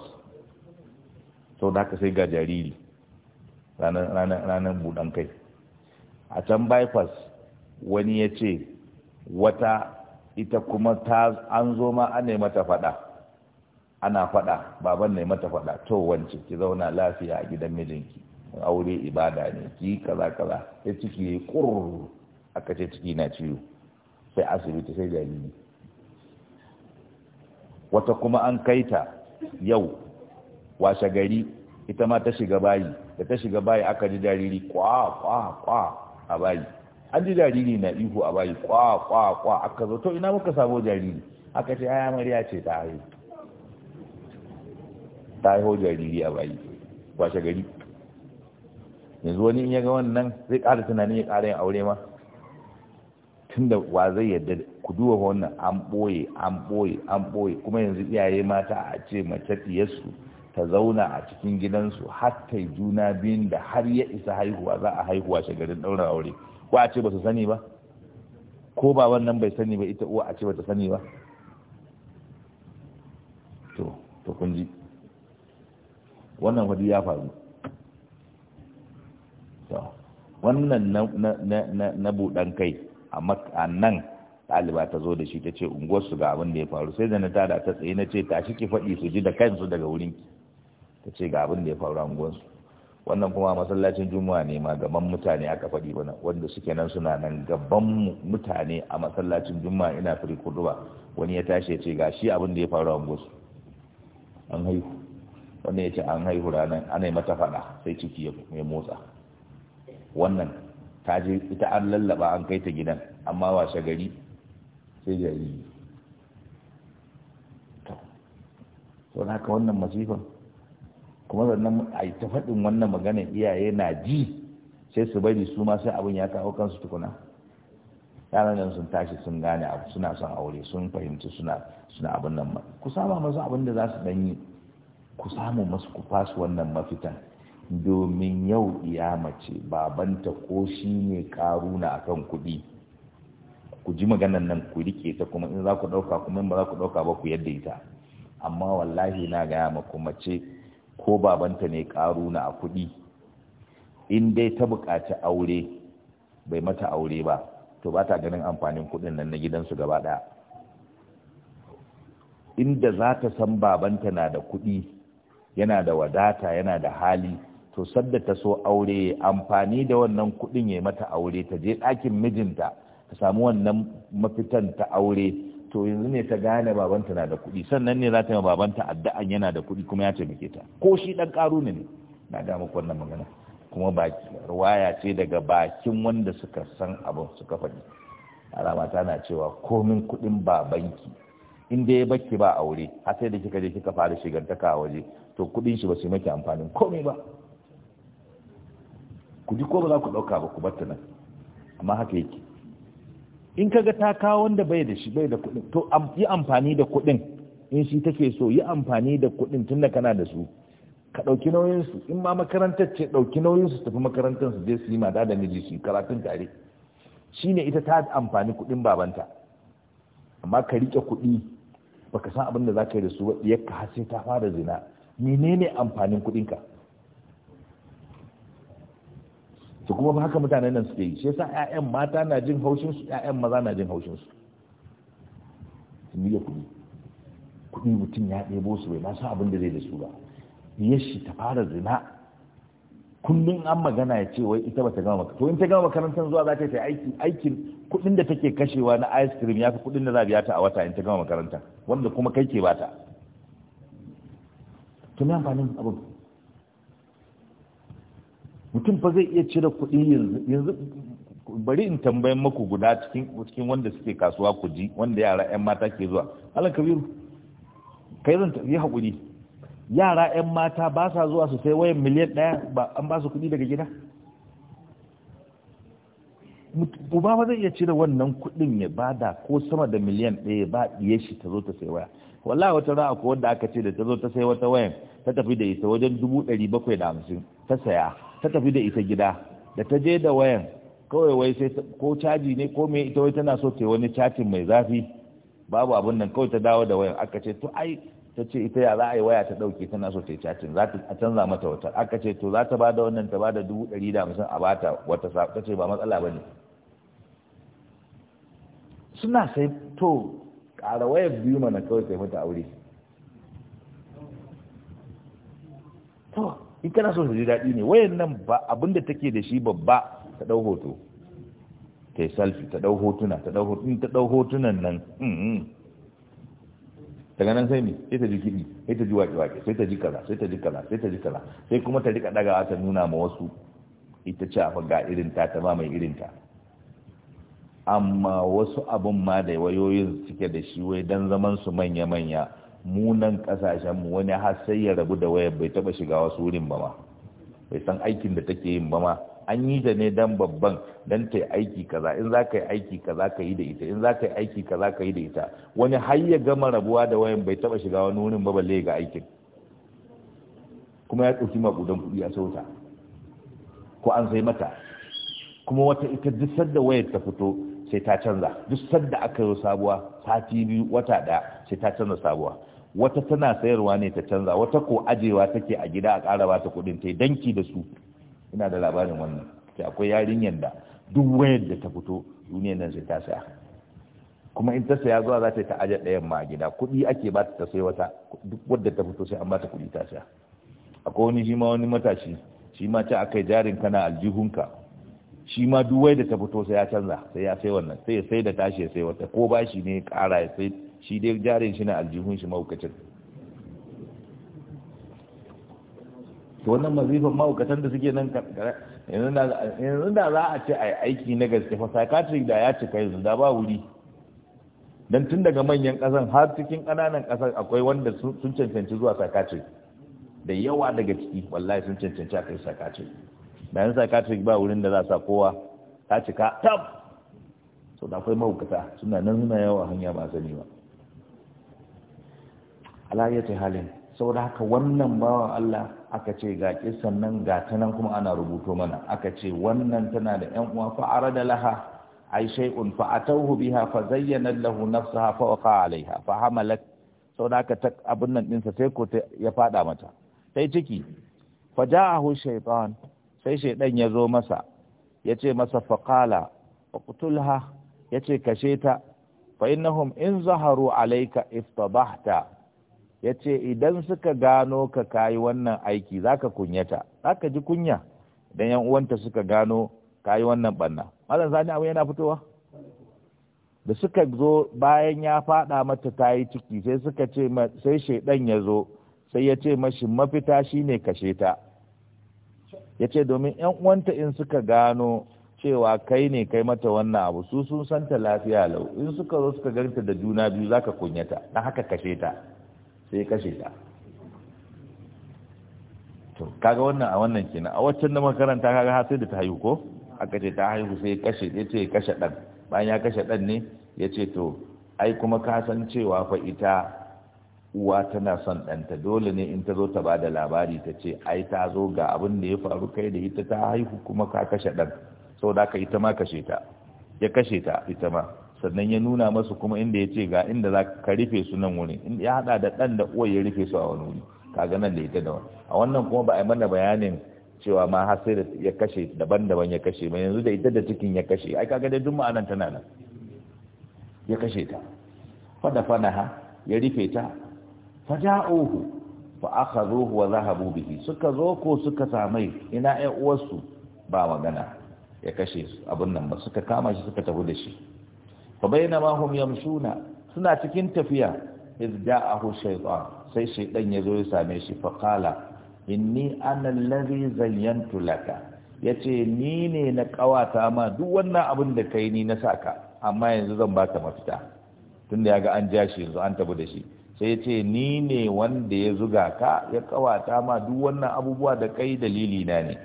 sau da haka sai ga jariri ranar buɗan kai a can bypass wani ya ce wata ita kuma ta an zo ma an ta fada ana faɗa baban nema mata faɗa to wance ki zauna lafiya a gidan mijinki aure ibada ne ki kaza kaza sai ciki ya yi aka ce ciki na ciwo sai asibiti sai jariri wata kuma an kai ta yau washe gari ita ma ta shiga bayi da ta shiga bayi aka ji jariri kwa kwa kwa a bayi an ji jariri na ihu a bayi kwa kwa kwa aka zo to ina muka sabo jariri aka ce aya mariya ce ta haihu ta haihu jariri a bayi washe gari yanzu wani in ya ga wannan zai ƙara tunanin ya ƙara yin aure ma tun da wa zai yadda ku duba wannan an ɓoye an ɓoye an ɓoye kuma yanzu iyaye mata a ce mace su ta zauna a cikin gidansu har ta juna biyun da har ya isa haihuwa za a haihuwa shagarin ɗaura aure ko a ce ba su sani ba ko ba wannan bai sani ba ita uwa a ce ba ta sani ba to to kun ji wannan wadi ya faru wannan na buɗan kai a nan ɗaliba ta zo da shi ta ce unguwarsu ga abin da ya faru sai da na tada ta tsaye na ce tashi ki faɗi su ji da kansu daga wurin ta ce ga abin da ya faru a unguwarsu wannan kuma masallacin juma'a ne ma gaban mutane aka faɗi bana wanda suke nan suna nan gaban mutane a masallacin juma'a ina firi kuduba wani ya tashi ya ce ga shi abin da ya faru a unguwarsu an haihu wannan ya ce an haihu ranar ana yi mata faɗa sai ciki ya motsa wannan ta je ita an lallaba an kai ta gidan amma washe gari sai jariri to so na ka wannan masifan kuma sannan a yi ta faɗin wannan maganin iyaye na ji sai su bari su ma sai abin ya kawo kansu tukuna yaran nan sun tashi sun gane abu suna son aure sun fahimci suna suna abin nan ku saba masu abin da za su dan yi ku samu masu ku fasu wannan mafitan domin yau iya mace babanta ko shi ne karuna akan kuɗi ku ji maganan nan ku rike ta kuma in za ku ɗauka kuma in ba za ku ɗauka ba ku yadda ita amma wallahi na gaya maku mace ko babanta ne na a kuɗi in dai ta buƙaci aure bai mata aure ba to ba ta ganin amfanin kuɗin nan na gidansu gaba ɗaya inda za ta san babanta na da kuɗi yana da wadata yana da hali to sadda ta so aure amfani da wannan kuɗin ya mata aure ta je ɗakin mijinta ta samu wannan mafitan ta aure to yanzu ne ta gane babanta na da kuɗi sannan ne za ta yi babanta addu'an yana da kuɗi kuma ya taimake ta ko shi ɗan ƙaru ne ne na ga muku magana kuma ruwaya ce daga bakin wanda suka san abin suka faɗi alama na cewa komin kuɗin babanki in dai ya bakki ba aure har sai da kika je kika fara shigantaka a waje to kuɗin shi ba su yi maki amfanin komai ba ku ji ko ba za ku ɗauka ba ku bar nan amma haka yake in kaga ta kawo wanda bai da shi bai da kuɗin to yi amfani da kuɗin in shi take so yi amfani da kuɗin tunda kana da su ka ɗauki nauyinsu in ma makarantar ce ɗauki nauyinsu tafi makarantar su je su yi mata da miji su karatun tare ne ita ta amfani kuɗin babanta amma ka riƙe kuɗi baka san abin da za ka yi da su ba ka har sai ta fara zina menene amfanin kuɗinka kuma ba haka mutanen nan suke yi shi yasa ƴaƴan mata na jin haushin su ƴaƴan maza na jin haushin su miya kuɗi kuɗi mutum ya ɗebo su bai ma san abin da zai da su ba ya shi ta fara zina kullum an magana ya ce wai ita bata gama to in ta gama makarantar zuwa za ta yi aiki aikin kuɗin da take kashewa na ice cream ya fi kuɗin da za biya ta a wata in ta gama makaranta wanda kuma kai ke bata to me amfanin abin mutum fa zai iya cire kuɗi yanzu yanzu bari in tambayan maku guda cikin cikin wanda suke kasuwa ku ji wanda yara yan mata ke zuwa Allah kabiru kai zan yi hakuri yara yan mata ba sa zuwa su sai wayan miliyan ɗaya ba an ba su kuɗi daga gida uba ba zai iya cire wannan kuɗin ya bada ko sama da miliyan ɗaya ba iya shi ta zo ta sai waya wallahi wata ra'a ko wanda aka ce da ta zo ta sai wata wayan ta tafi da ita wajen dubu ɗari bakwai da hamsin ta saya ta tafi da ita gida da ta je da wayan kawai wai sai ko caji ne ko me ita wai tana so ta wani cacin mai zafi babu abin nan kawai ta dawo da wayan aka ce to ai ta ce ita ya za a yi waya ta dauke tana so ta yi cacin za ta canza mata wata aka ce to za ta ba da wannan ta ba da dubu ɗari da hamsin a bata wata ta ce ba matsala ba ne suna sai to ƙara wayar biyu mana kawai sai mata aure to in kana so su ji daɗi ne wayan nan ba abinda take da shi babba ta ɗau hoto ta yi salfi ta ɗau hotuna ta ɗau hotun ta ɗau hotunan nan mm-hmm. daga nan sai ne sai ta ji kiɗi sai ta ji waƙe-waƙe sai ta ji kaza sai ta ji kaza sai ta ji kaza sai kuma ta riƙa ɗagawa ta nuna ma wasu ita ce a ga irin ta ta ba mai irin ta amma wasu abin ma da wayoyin suke da shi wai dan zaman su manya-manya munan kasashen mu wani har sai ya rabu da wayar bai taba shiga wasu wurin ba ma bai san aikin da take yin ba ma an yi da ne dan babban dan ta aiki kaza in za ka yi aiki kaza ka yi da ita in za ka yi aiki kaza ka yi da ita wani har ya gama rabuwa da wayan bai taba shiga wani wurin ba balle ga aikin kuma ya ɗauki maƙudan kuɗi a sauta ko an sai mata kuma wata ita duk sadda wayar ta fito sai ta canza duk sadda aka yi sabuwa sati biyu wata ɗaya sai ta canza sabuwa wata tana sayarwa ne ta canza wata ko ajewa take a gida a ƙara ba ta kuɗin ta danki da su ina da labarin wannan ta akwai yarinyar da duk wayar da ta fito duniyar nan sai ta saya kuma in ta saya zuwa za ta yi ta aje ɗayan ma a gida kuɗi ake ba ta sai wata duk wadda ta fito sai an ba ta kuɗi ta saya akwai wani shi ma wani matashi shi ma ta akai jarin kana aljihunka shi ma duk wayar da ta fito sai ya canza sai ya sai wannan sai ya sai da tashi ya sai wata ko bashi ne ya ƙara ya sai shi dai jarin shi na aljihun shi mawukacin, to wannan mazifan mahaukatan da suke nan yanzu da za a ce a aiki na gaske fa psychiatric da ya cika yanzu da ba wuri don tun daga manyan kasan har cikin ƙananan kasan akwai wanda sun cancanci zuwa psychiatric da yawa daga ciki wallahi sun cancanci a kai psychiatric da yan psychiatric ba wurin da za sa kowa ta cika tab so da akwai mawukata, suna nan suna yawa hanya ba sani ba alayyata halin saboda haka wannan bawan Allah aka ce ga kisan nan ga ta nan kuma ana rubuto mana aka ce wannan tana da ƴan uwa fa arada laha ay shay'un fa atawhu biha fa zayyana lahu nafsaha fa waqa alaiha fa hamalat saboda haka ta abun nan dinsa sai ko ya fada mata sai ciki fa ja'ahu shaytan sai shaydan ya zo masa ya ce masa fa qala uqtulha ce kashe ta fa innahum in zaharu alayka iftabahta ya ce idan suka gano ka kayi wannan aiki za ka kunyata za ka ji kunya idan yan uwanta suka gano kayi wannan banna malam sani abu yana fitowa da suka zo bayan ya fada mata ta yi ciki sai suka ce sai shaidan ya zo sai ya ce mashi mafita shine kashe ta ya ce domin yan uwanta in suka gano cewa kai ne kai mata wannan abu su sun santa lafiya lau in suka zo suka ganta da juna biyu za zaka kunyata na haka kashe ta sai kashe ta to kaga wannan a wannan kenan a waccan da makaranta kaga har sai da ta haihu ko aka ce ta haihu sai kashe ya ce kashe dan bayan ya kashe dan ne ya ce to ai kuma ka san cewa fa ita uwa tana son ɗanta dole ne in ta zo ta ba da labari ta ce ai ta zo ga abin da ya faru kai da ita ta haihu kuma ka kashe ɗan sau da ita ma kashe ta ya kashe ta ita ma sannan ya nuna masu kuma inda ya ce ga inda za ka rufe su nan wurin ya haɗa da ɗan da uwa ya rufe su a wani wuri kaga nan da ita da wani a wannan kuma ba a yi mana bayanin cewa ma har sai da ya kashe daban-daban ya kashe mai yanzu da ita da cikin ya kashe ai kaga dai duk ma'anan tana nan ya kashe ta fada ha ya rufe ta faja'uhu fa akhadhuhu wa zahabu bihi suka zo ko suka samai ina ai uwarsu ba magana ya kashe abun nan ba suka kama shi suka tafi da shi fa ma hum yamshuna suna cikin tafiya iz ahu shaytan sai shaydan yazo ya same shi fa qala inni ana allazi zayyantu laka yace ni ne na kawata ma duk wannan abin da kai ni na saka amma yanzu zan baka mafita tunda yaga an jashi shi yanzu an tabu da shi sai yace ni ne wanda ya zuga ka ya kawata ma duk wannan abubuwa da kai dalili na ne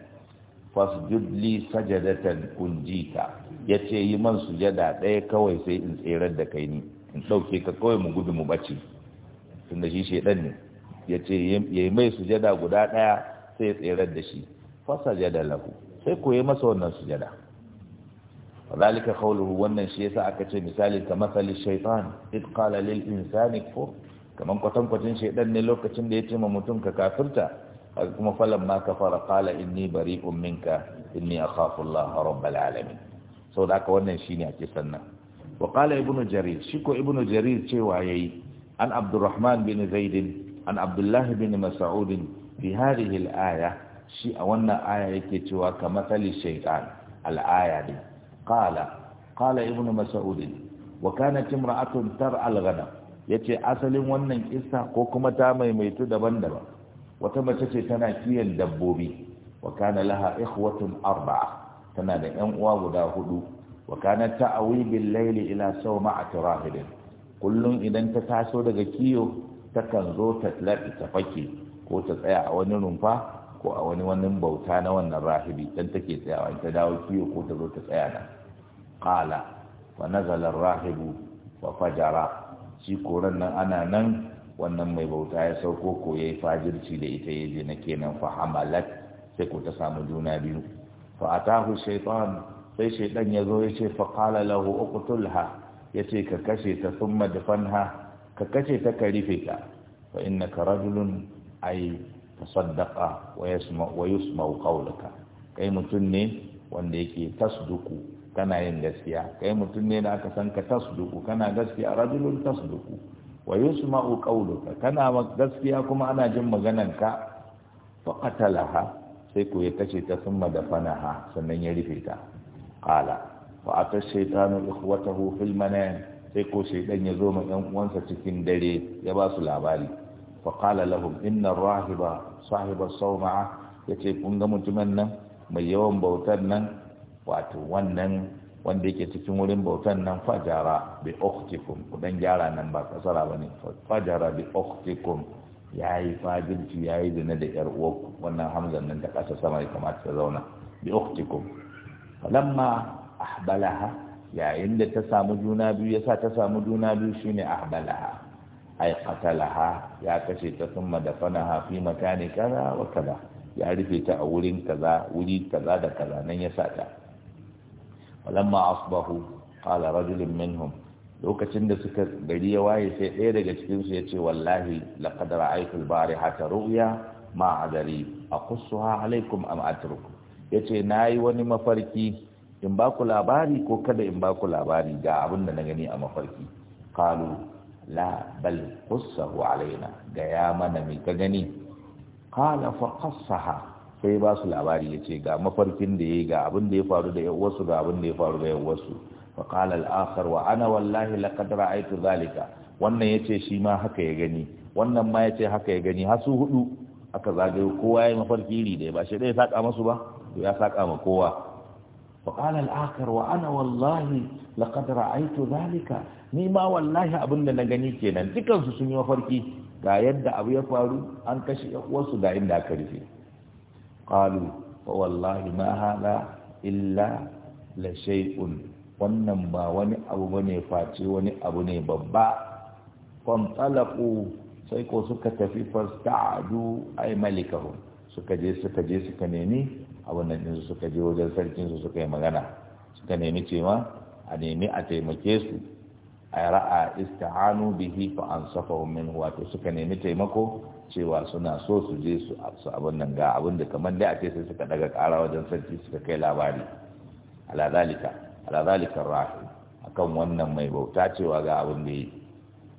fasjud li sajadatan kunjita yace yi man sujada ɗaya kawai sai in tserar da kai ni in dauke ka kawai mu gudu mu bace tunda shi shaidan ne yace yayi mai sujada guda ɗaya sai tserar da shi fasajada lahu sai koyi masa wannan sujada zalika qawluhu wannan shi yasa aka ce misali ka masali shaytan id qala lil insani kufur kaman kwatankwacin shaidan ne lokacin da ya ce ma mutum ka kafirta kuma falan ma in ni bari bari'un minka inni akhafu Allah rabbal Sau da aka wannan shine a kisan nan wa qala ibnu jarir shi ko ibnu jarir cewa yayi an abdurrahman bin Zaidin, an Abdullahi bin Masa'udin fi hadhihi al shi a wannan aya yake cewa ka matsali shaytan al'aya ne. din qala qala ibnu mas'ud wa kanat imra'atun ghanam yace asalin wannan kissa ko kuma ta maimaitu daban-daban wata mace ce tana kiyan dabbobi wa kana laha ikhwatun arba'a tana da 'yan uwa guda hudu wa kana ta'awi bil layli ila sawma'a rahibin kullun idan ta taso daga kiyo ta kan zo ta tlabi ta fake ko ta tsaya a wani rumfa ko a wani wani bauta na wannan rahibi dan take tsayawa ta dawo kiyo ko ta zo ta tsaya nan qala fa nazala rahibu wa fajara shi koran nan ana nan wannan mai bauta ya sauko ko ya yi fajirci da ita ya je na kenan fa hamalat sai ko ta samu juna biyu fa tahu shaitan sai shaitan ya zo ya ce fa kala lahu uqtulha ya ce ka kashe ta madafan ha ka kashe ta ka rife ta fa innaka rajulun ay tasaddaqa wa yasma wa yusma kai mutun ne wanda yake tasduku kana yin gaskiya kai mutum ne da aka san ka tasduku kana gaskiya rajulun duku. wa yusma'u qawluka kana gaskiya kuma ana jin maganarka fa qatalaha sai ku ya kace ta summa dafanaha sannan ya rufe ta qala fa ata shaytanu ikhwatahu fil manam sai ko shaydan ya zo ma ɗan uwansa cikin dare ya ba su labari fa qala lahum inna rahiba sahiba sawma'a yace kun ga mutumin nan mai yawan bautar nan wato wannan wanda yake cikin wurin bautan nan fajara bi ukhtikum dan gyara nan ba kasara bane fajara bi ukhtikum yayi fajirci yayi da na da yar uwarku wannan hamzan nan ta kasa sama ya kamata ta zauna bi ukhtikum falamma ahbalaha yayin da ta samu juna biyu yasa ta samu juna biyu shine ahbalaha ay qatalaha ya kashe ta thumma dafanaha fi makani kaza wa kaza ya rufe ta a wurin kaza wuri kaza da kaza nan yasa ta falamma asbahu qala rajulun minhum lokacin da suka gari ya waye sai ɗaya daga cikin su yace wallahi laqad ra'aytu al-barihata ru'ya ma adari aqussuha alaikum am atruk yace nayi wani mafarki in ba ku labari ko kada in ba ku labari ga abin da na gani a mafarki qalu la bal qussahu alaina ga ya mana mi ka gani qala fa qassaha sai ba su labari ya ce ga mafarkin da ya yi ga abin da ya faru da yawarsu ga abin da ya faru da yawarsu wa qala al-akhar wa ana wallahi laqad ra'aytu zalika wannan yace shi ma haka ya gani wannan ma yace haka ya gani hasu hudu aka zagayo kowa ya mafarki iri da ba shi dai saka masu ba to ya saka ma kowa wa qala al-akhar wa ana wallahi laqad ra'aytu zalika ni ma wallahi abin da na gani kenan su sun yi mafarki ga yadda abu ya faru an kashe uwarsu ga inda aka rufe Kalu fa wallahi ma hala illa la shay'un wannan ba wani abu bane face wani abu ne babba fam talaku sai ko suka tafi fasta'du ay malikahum suka je suka je suka nemi abin nan suka je wajen sarkin su suka yi magana suka nemi cewa a nemi a taimake su a ra'a ista'anu bihi fa ansafahum minhu wato suka nemi taimako cewa suna so su je su abin nan ga abin da kamar dai a ce sai suka daga kara wajen sarki suka kai labari alazalika alazalika rahi akan wannan mai bauta cewa ga abin da yi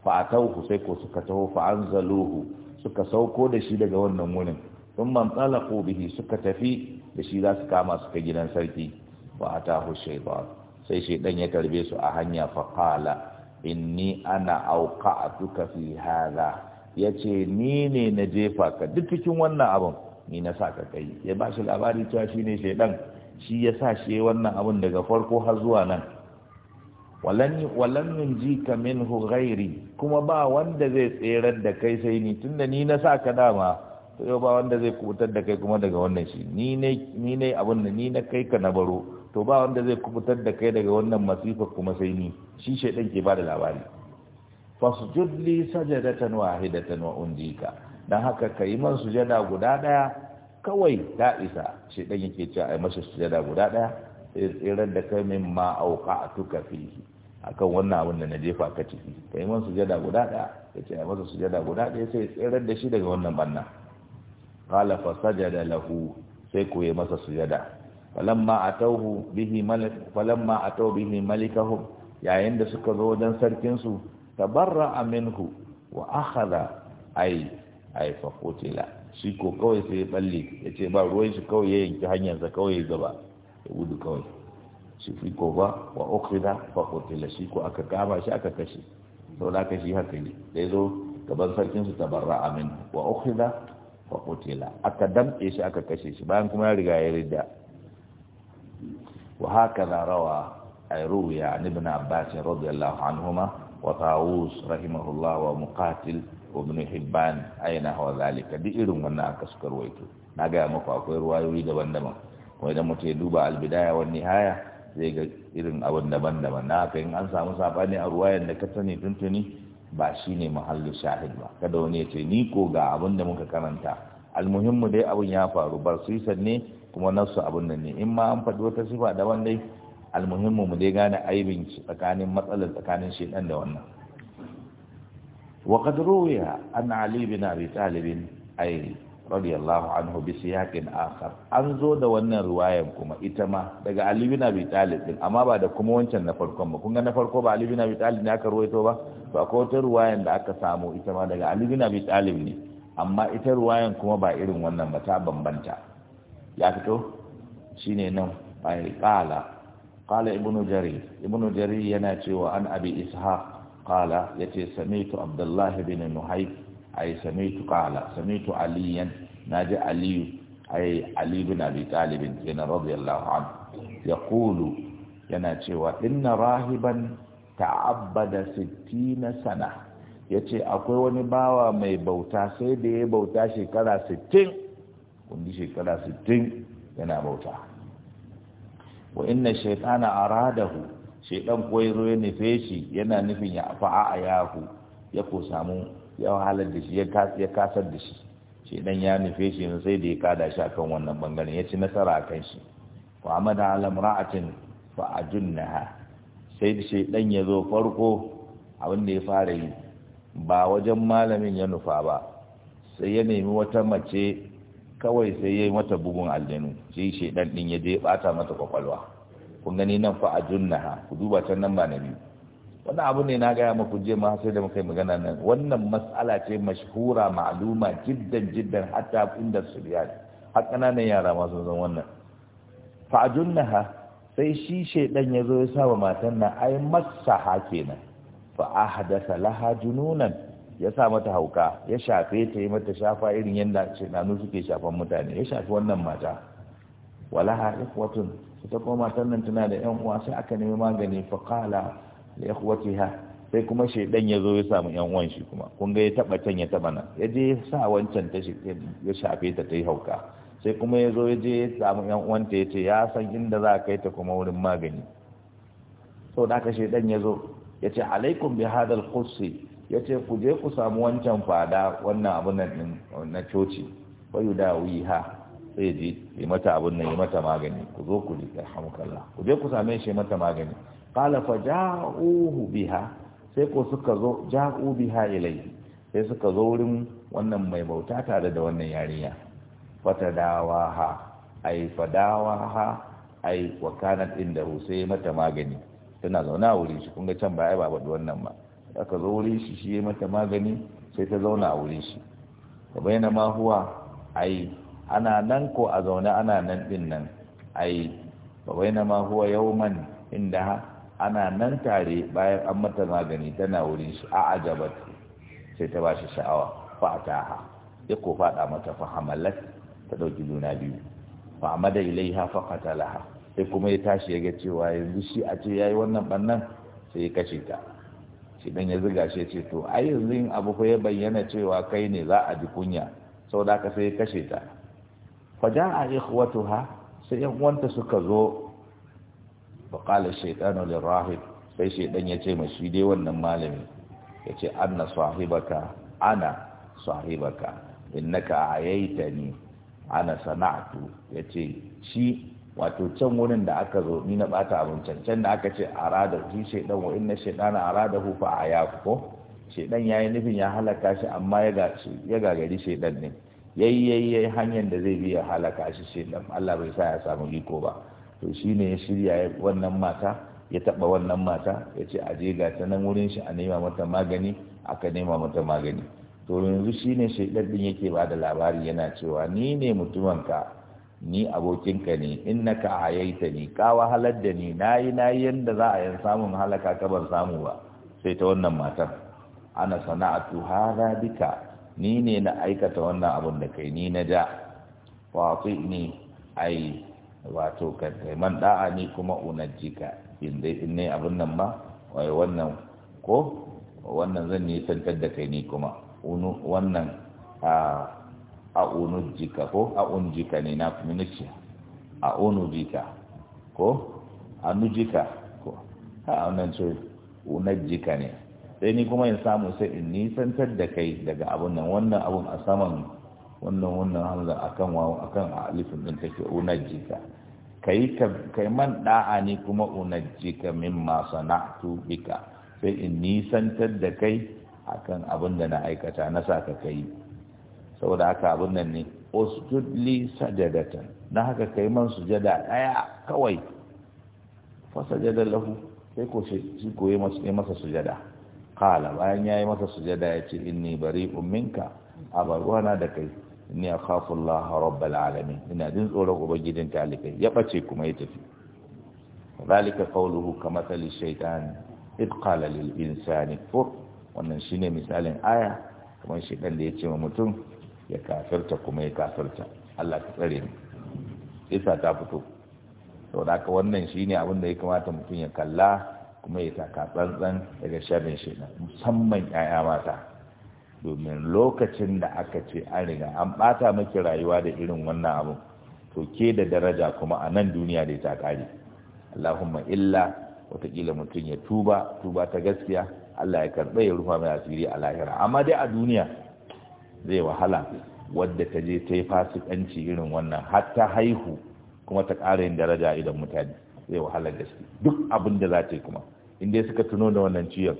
fa'atauhu sai ko suka taho fa'anzaluhu suka sauko da shi daga wannan wurin sun man tsalako bihi suka tafi da shi za su kama suka gidan sarki fa'atahu shaitan sai shaidan ya tarbe su a hanya faqala inni ana auka duka fi hadha ya ce ni ne na jefa ka duk cikin wannan abin ni na sa ka kai ya ba shi labari cewa shi ne shaidan shi ya sa shi wannan abin daga farko har zuwa nan walan min ji ka min kuma ba wanda zai tserar da kai sai ni tunda ni na sa ka dama to yau ba wanda zai kubutar da kai kuma daga wannan shi ni ne ni abin da ni na kai ka na baro to ba wanda zai kubutar da kai daga wannan masifa kuma sai ni shi shaidan ke ba da labari fasjud li sajadatan wahidatan wa undika dan haka kai man sujada guda daya kawai da isa shi dan yake cewa ai masa sujada guda daya irin da kai min ma auqa'tuka fihi akan wannan abin da na jefa ka ciki kai man sujada guda daya yace ai masa sujada guda daya sai tsirar da shi daga wannan banna qala sajada lahu sai ku yi masa sujada falamma atawhu bihi malik falamma atawhu bihi malikahum yayin da suka zo wajen sarkin su tabarra minhu wa akhadha ai ai fa qutila shi ko kawai sai ya balle ya ce ba ruwan shi kawai ya yanki sa kawai ya gaba ya gudu kawai shi fi ko ba wa ukhida fa qutila shi ko aka kama shi aka kashe sau da aka shi haka ne da ya gaban sarkin su tabarra amin wa ukhida fa qutila aka damke shi aka kashe shi bayan kuma ya riga ya rida wa haka rawa ay ruwiya an ibn abbas radiyallahu anhuma wa ta'us rahimahullah wa muqatil wa ibn hibban aina hawa zalika duk irin wannan aka suka ruwaito na ga muku akwai ruwayoyi daban-daban kuma idan mutum ya duba albidaya wa haya, zai ga irin abin daban-daban na haka in an samu sabani a ruwayan da ka sani tuntuni ba shi ne muhallin shahid ba kada wani ya ni ko ga abin da muka karanta almuhimmu dai abin ya faru bar su ne kuma nasu abin nan in ma an faɗi wata sifa daban dai almuhimmu mu dai gane aibin tsakanin matsalar tsakanin shedan da wannan wa qad ruwiya anna ali bin abi talib ay radiyallahu anhu bi siyaqin akhar an zo da wannan riwayar kuma ita ma daga ali bin abi talib din amma ba da kuma wancan na farkon ba kun ga na farko ba ali bin abi talib ne aka ruwaito ba to akwai wata riwayar da aka samu ita ma daga ali bin abi talib ne amma ita ruwayan kuma ba irin wannan ba ta bambanta ya fito shine nan bai qala qala ibnu jarir ibnu jarir yana cewa an abi ishaq qala yace sami'tu abdullah bin nuhayb ay sami'tu qala sami'tu aliyan naji aliyu ay ali bin abi talib bin radiyallahu anhu yaqulu yana cewa in inna rahiban ta'abbada 60 sana yace akwai wani bawa mai bauta sai da ya bauta shekara sittin. kundi shekara sittin yana bauta wa inna shaytana aradahu shaytan koyi yazo ya nufe shi yana nufin ya fa'a a yahu. ya ko samu ya wahalar da shi ya kasar da shi shaytan ya nufe shi ne sai da ya kada shi akan wannan bangaren ya ci nasara akan shi wa amada ala mar'atin fa ajunnaha sai da shaytan ya zo farko abin da ya fara yi ba wajen malamin ya nufa ba sai ya nemi wata mace kawai sai ya yi mata bugun aljanu sai shaidan din ya je bata mata kwakwalwa kun gani nan fa a junnaha ku duba can nan ba na biyu wannan abu ne na gaya maku je ma sai da muka yi magana nan wannan mas'ala ce mashhura ma'luma jiddan jiddan hatta inda suryani har kananan yara ma sun san wannan fa a sai shi shedan ya zo ya sa wa matan nan ai masaha kenan fa ahdasa laha jununan ya sa mata hauka ya shafe ta yi mata shafa irin yadda nanu suke shafan mutane ya shafi wannan mata walaha ikhwatun su ta koma sannan tana da yan uwa sai aka nemi magani fa ya li ha sai kuma shaidan ya zo ya samu yan uwan shi kuma kun ga ya taba can ya taba nan ya je sa wancan ta ya shafe ta ta yi hauka sai kuma ya zo ya je ya samu yan uwan ta ya ce ya san inda za a kai ta kuma wurin magani sau da aka shaidan ya zo ya ce alaikum bi hadal ya ce ku je ku samu wancan fada wannan abin nan na coci bayu da ha sai ji yi mata abin nan yi mata magani ku zo ku ji alhamdulillah ku je ku same shi mata magani qala fa ja'uhu biha sai ko suka zo ja'u biha ilayhi sai suka zo wurin wannan mai bauta tare da wannan yarinya ha ai ha ai wa kanat inda sai mata magani tana zauna wuri shi kun ga can ba ai ba wannan ba aka zo wuri shi shi ya mata magani sai ta zauna a wuri shi ka bayyana ma huwa ai ana nan ko a zaune ana nan din nan ai ka bayyana ma huwa yawman inda ana nan tare bayan an mata magani tana wurin shi a ajabat sai ta bashi sha'awa fataha ya ko faɗa mata fa hamalat ta ɗauki juna biyu fa amada ilaiha fa qatalaha sai kuma ya tashi ya ga cewa yanzu shi a ce yayi wannan bannan sai ya kashe ta Idan ya ziga shi ce to a yanzu yin abu ya bayyana cewa kai ne za a ji kunya da aka sai kashe ta yi ja'a ha? sai yan wanta suka zo fa qala shaytanu sai shaiɗan ya ce mashi dai wannan malami yace anna sahibaka ana sahibaka innaka ayaitani ana ya ce shi wato can wurin da aka zo ni na bata abin cancan da aka ce a rada shi shaidan wa inna shaidana arada hu fa aya ko shaidan yayi nufin ya halaka shi amma ya gaci ya gagari shaidan ne yayi yayi yayi hanyar da zai bi ya halaka shi shaidan Allah bai sa ya samu liko ba to shine ya shirya wannan mata ya taba wannan mata ya ce a je ga ta nan wurin shi a nema mata magani aka nema mata magani to yanzu shine shaidan din yake ba da labari yana cewa ni ne mutumanka. ni abokinka ne innaka hayaita ni ka wahalar da ni na yi na yi yanda za a yi samun halaka ka ban samu ba sai ta wannan matar ana sana'atu hada bika ni ne na aikata wannan abun da kai ni na da wato ni ai wato ka man da'a ni kuma unajjika in dai in ne abun nan ba, wai wannan ko wannan zan yi nisantar da kai ni kuma wannan ah, a jika ko a jika ne na minci a unujika ko a jika ko a wannan ce unajika ne sai ni kuma in samu sai in nisantar da kai daga abun nan wannan abun a saman wannan wannan hamza akan wawo akan alifin din take unajika kai kai man da'a ni kuma unajika mimma sana'tu bika sai in nisantar da kai akan abin da na aikata na sa ka kai saboda haka abin nan ne usjudli sajadatan don haka kai man sujada ɗaya kawai fa sajada lahu sai ko shi ko yi masa sujada kala bayan ya yi masa sujada ya bari inni a minka abarwana da kai inni a kafin laharar alamin ina jin tsoron ubangijin talikai ya ɓace kuma ya tafi zalika qawluhu ka matsali shaitan id insani fur wannan shine misalin aya kamar shi da ya ce wa mutum ya kafirta kuma ya kafirta Allah ka tsare ni isa ta fito sau da wannan shi ne abin da ya kamata mutum ya kalla kuma ya taka tsantsan daga sharrin shi musamman 'ya'ya mata domin lokacin da aka ce an riga an ɓata maki rayuwa da irin wannan abu to ke da daraja kuma a nan duniya da ta kare Allahumma illa watakila mutum ya tuba tuba ta gaskiya Allah ya karɓa ya rufa mai asiri a lahira amma dai a duniya zai wahala wadda ta je ta yi fasikanci irin wannan hatta haihu kuma ta ƙara yin daraja idan mutane zai wahala da gaske duk abin da za ta yi kuma in dai suka tuno da wannan ciyar,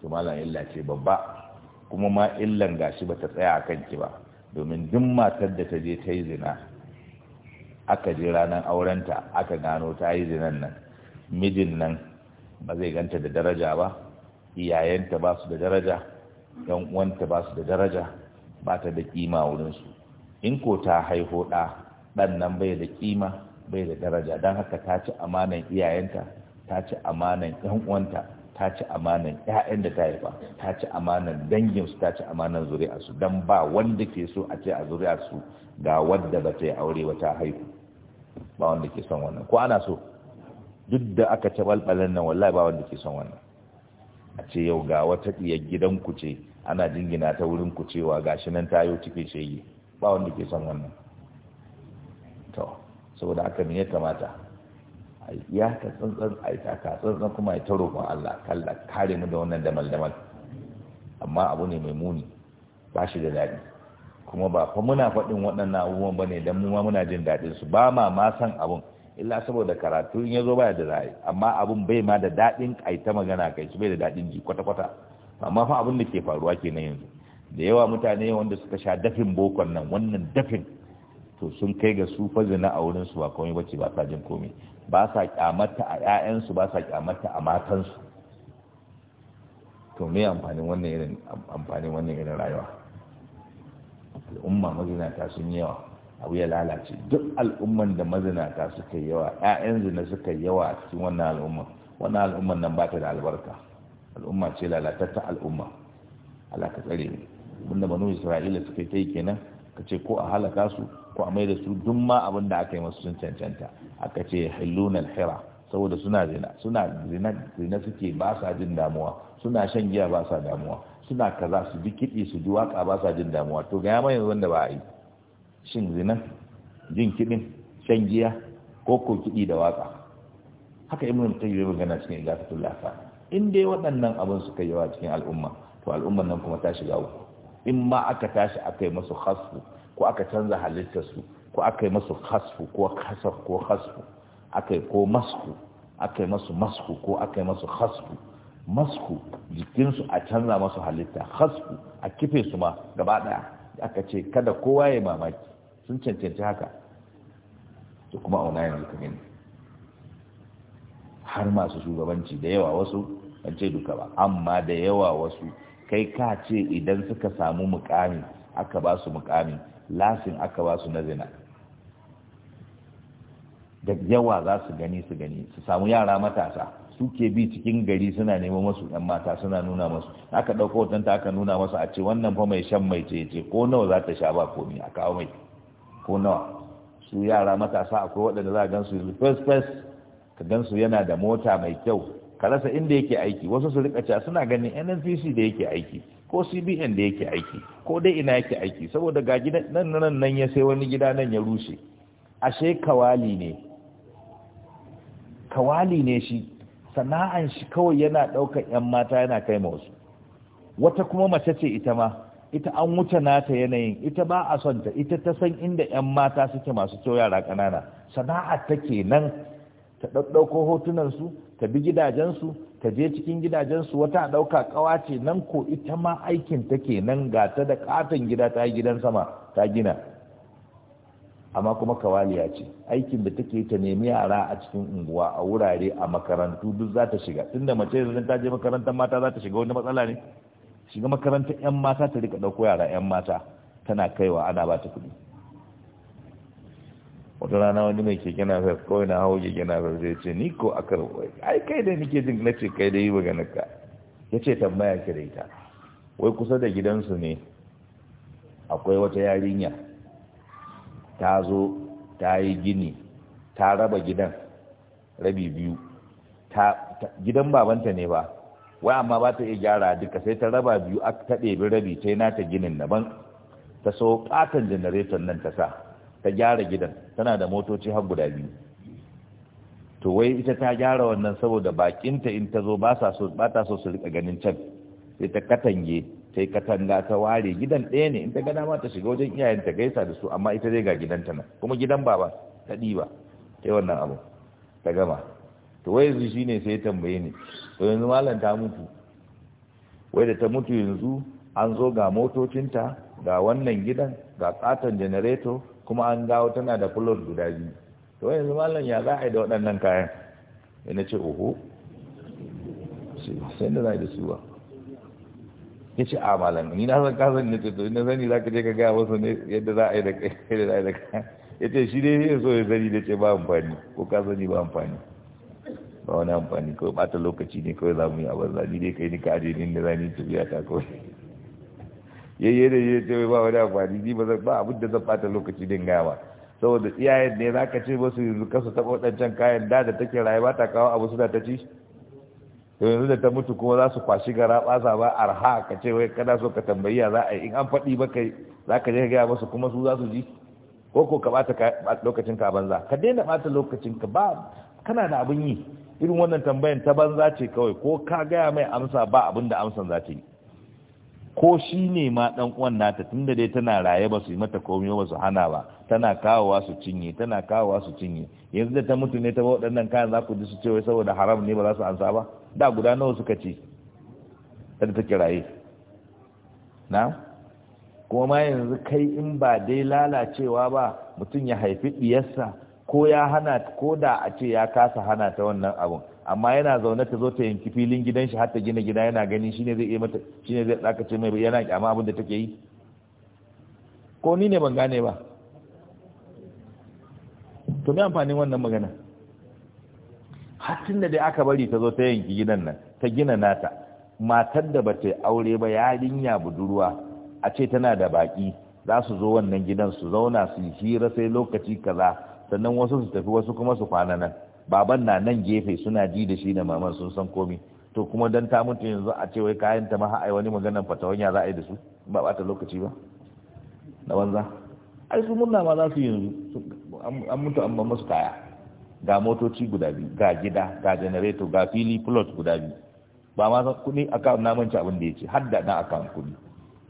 to malam illa ce babba kuma ma illan gashi ba ta tsaya a kanki ba domin duk matar da ta je ta yi zina aka je ranar aurenta aka gano ta yi zinan nan mijin nan ba zai ganta da daraja ba iyayenta ba su da daraja yan uwanta ba su da daraja Bata ta da kima wurinsu in ko ta haiho ɗa ɗan nan bai da kima bai da daraja don haka ta ci amanan iyayenta ta ci amanan yan uwanta ta ci amanan ƴaƴan da ta haifa ta ci amanan su, ta ci amanan zuri'arsu don ba wanda ke so a ce a zuri'arsu ga wadda ba ta yi aure ba ta haihu ba wanda ke son wannan ko ana so duk da aka ci balbalan nan wallahi ba wanda ke son wannan a ce yau ga wata ɗiyar gidanku ce ana jingina ta wurin ku cewa gashi nan ta tayo sai shege ba wanda ke son wannan to saboda haka ne ya kamata ya ka tsantsan a yi taka tsantsan kuma ya ta roƙon Allah kalla kare mu da wannan damal-damal amma abu ne mai muni ba shi da daɗi kuma ba fa muna faɗin waɗannan abubuwan ba ne don mu ma muna jin daɗin su ba ma ma san abun illa saboda karatu in ya zo baya da za'a amma abun bai ma da daɗin ƙaita magana kai su bai da daɗin ji kwata-kwata amma fa abin da ke faruwa kenan yanzu da yawa mutane wanda suka sha dafin bokon nan wannan dafin to sun kai ga su fazina a wurin su ba komai bace ba sa jin komai ba sa kyamata a su ba sa kyamata a su to me amfanin wannan irin amfanin wannan irin rayuwa al'umma mazinata sun yi yawa abu ya lalace duk al'umman da mazinata suka yawa ƴaƴan zina suka yawa a cikin wannan al'umma wannan al'umman nan ba ta da albarka al'umma ce lalatatta al'umma Allah ka tsare ne abinda banu Isra'ila suka yi ta yi kenan ka ce ko a halaka su ko a mai da su duk ma abin da aka yi masu sun cancanta aka ce halluna alhira saboda suna zina suna zina zina suke ba sa jin damuwa suna shan giya ba sa damuwa suna kaza su ji kiɗi su ji waka ba sa jin damuwa to ga yamma yanzu wanda ba a yi shin zina jin kiɗin shan giya ko ko kiɗi da waka haka ibn tayyib ya magana cikin igasatul lafa in dai waɗannan abin suka yi yawa cikin al'umma to al'umman nan kuma ta shiga uku in ma aka tashi aka yi masu hasfu ko aka canza halittarsu ko aka yi masu hasfu ko kasar ko hasfu aka yi ko masku aka yi masu masku ko aka yi masu hasfu masku jikinsu a canza masu halitta hasfu a kife su ma gaba ɗaya aka ce kada kowa ya mamaki sun cancanci haka to kuma auna yanzu ka gani har masu shugabanci da yawa wasu ban ce duka ba amma da yawa wasu kai ka ce idan suka samu mukami aka ba su mukami lasin aka ba su na zina da yawa za su gani su gani su samu yara matasa suke bi cikin gari suna neman masu ɗan mata suna nuna masu aka ɗauka hoton ta aka nuna masu a ce wannan fa mai shan mai ce ce ko nawa za ta sha ba komi a kawo mai ko nawa su yara matasa akwai waɗanda za a gan su first first ka gansu yana da mota mai kyau ka rasa inda yake aiki wasu su rika cewa suna ganin NNPC da yake aiki ko CBN da yake aiki ko dai ina yake aiki saboda ga gidan nan nan nan ya sai wani gida nan ya rushe ashe kawali ne kawali ne shi sana'an shi kawai yana ɗaukar 'yan mata yana kai ma wasu wata kuma mace ce ita ma ita an wuce nata yanayin ita ba a son ta ita ta san inda 'yan mata suke masu kyau yara ƙanana sana'a take nan ta ɗaɗɗauko hotunansu ta bi gidajensu ta je cikin gidajensu wata ɗauka ƙawa ce nan ko ita ma aikin ta ke nan ga ta da ƙaton gida ta gidan sama ta gina amma kuma kawaliya ce aikin da take ta nemi yara a cikin unguwa a wurare a makarantu duk za ta shiga tunda mace yanzu ta je makarantar mata za ta shiga wani matsala ne shiga makarantar 'yan mata ta rika ɗauko yara 'yan mata tana kaiwa ana ba ta kuɗi wata rana wani mai ke na zai kawai na hau keke na zai zai ce ni ko aka ai kai da nike jin na ce kai da yi maganar ka ya ce tambaya ki da ita wai kusa da gidansu ne akwai wata yarinya ta zo ta yi gini ta raba gidan rabi biyu gidan babanta ne ba wai amma ba ta iya gyara duka sai ta raba biyu ta ɗebi rabi sai nata ginin na ban ta so katon janareton nan ta sa ta gyara gidan tana da motoci har guda biyu to wai ita ta gyara wannan saboda bakinta in ta zo ba so ba ta so su rika ganin can sai ta katange ta katanga ta ware gidan ɗaya ne in ta gada ma ta shiga wajen iyayen ta gaisa da su amma ita zai ga gidanta nan kuma gidan ba ta ɗiba ta yi wannan abu ta gama to wai yanzu shi ne sai tambaye ni to yanzu malam ta mutu wai da ta mutu yanzu an zo ga motocinta ga wannan gidan ga katon janareto kuma an dawo tana da kulot guda biyu to yanzu malam ya za a yi da waɗannan kayan ya ce oho sai da za a yi da suwa ya ce a malam ni na san kasan ne to na sani za ka je ka gaya wasu ne yadda za a yi da kayan ya ce shi dai ya so ya sani da ce ba amfani ko ka ba amfani ba wani amfani kawai bata lokaci ne kawai za mu yi a banza ni dai kai ni ka aje ni da zani tafiya ta kawai yayye da yayye ce ba wani amfani ni ba ba abin da zan bata lokaci din gawa saboda iyayen ne zaka ce ba su yanzu kasu taɓa waɗancan kayan da da take rayuwa ta kawo abu suna ta ci to yanzu da ta mutu kuma za su kwashi gara ɓasa ba arha ka ce wai kana so ka tambayi ya za a yi in an faɗi ba kai za ka je ka gaya masu kuma su za su ji ko ko ka ɓata lokacin ka banza ka daina ɓata lokacin ka ba kana da abin yi irin wannan tambayan ta banza ce kawai ko ka gaya mai amsa ba abin da amsan za ta yi ko shi ne ma dan uwan nata tunda dai tana raye ba su yi mata komai ba su hana ba tana kawowa su cinye tana kawowa su cinye yanzu da ta mutu ne ta ba waɗannan kayan za ku ji su cewa saboda haram ne ba za su ansa ba da guda nawa suka ci ta da take raye na kuma ma yanzu kai in ba dai lalacewa ba mutum ya haifi diyarsa ko ya hana ko da a ce ya kasa hana ta wannan abun amma yana zaune ta zo ta yanki filin gidan shi har ta gina gida yana gani shine zai iya mata shine zai dakace ce mai yana kyama abin da take yi ko ni ne ban gane ba to me amfanin wannan magana hatin da dai aka bari ta zo ta yanki gidan nan ta gina nata matar da bata aure ba yarinya budurwa a ce tana da baki za su zo wannan gidan su zauna su yi hira sai lokaci kaza sannan wasu su tafi wasu kuma su kwana nan baban na nan gefe suna ji da shi da maman sun san komi to kuma dan ta mutu yanzu a ce wai kayan ta maha'ai ai wani maganan fatawan ya za a yi da su ba ba ta lokaci ba na banza ai su murna ma za su yi yanzu an mutu an ban musu kaya ga motoci guda biyu ga gida ga generator ga fili plot guda biyu ba ma san kuɗi account na manci abin da ya ce har da na account kuɗi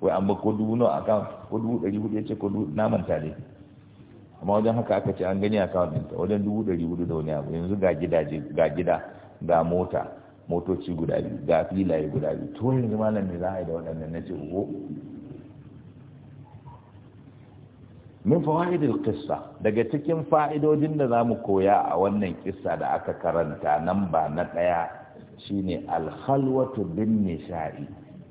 wai an ba ko dubu nawa account ko dubu ɗari hudu ya ce ko dubu na manta ne amma wajen haka aka ce an gani account ɗinta wajen dubu ɗari hudu da wani abu yanzu ga gidaje ga gida ga mota motoci guda biyu ga filaye guda biyu to yanzu malam ne za a yi da waɗannan na ce ko min fawaidil qissa daga cikin fa'idodin da zamu koya a wannan kissa da aka karanta nan ba na ɗaya shine alhalwatu bin nisa'i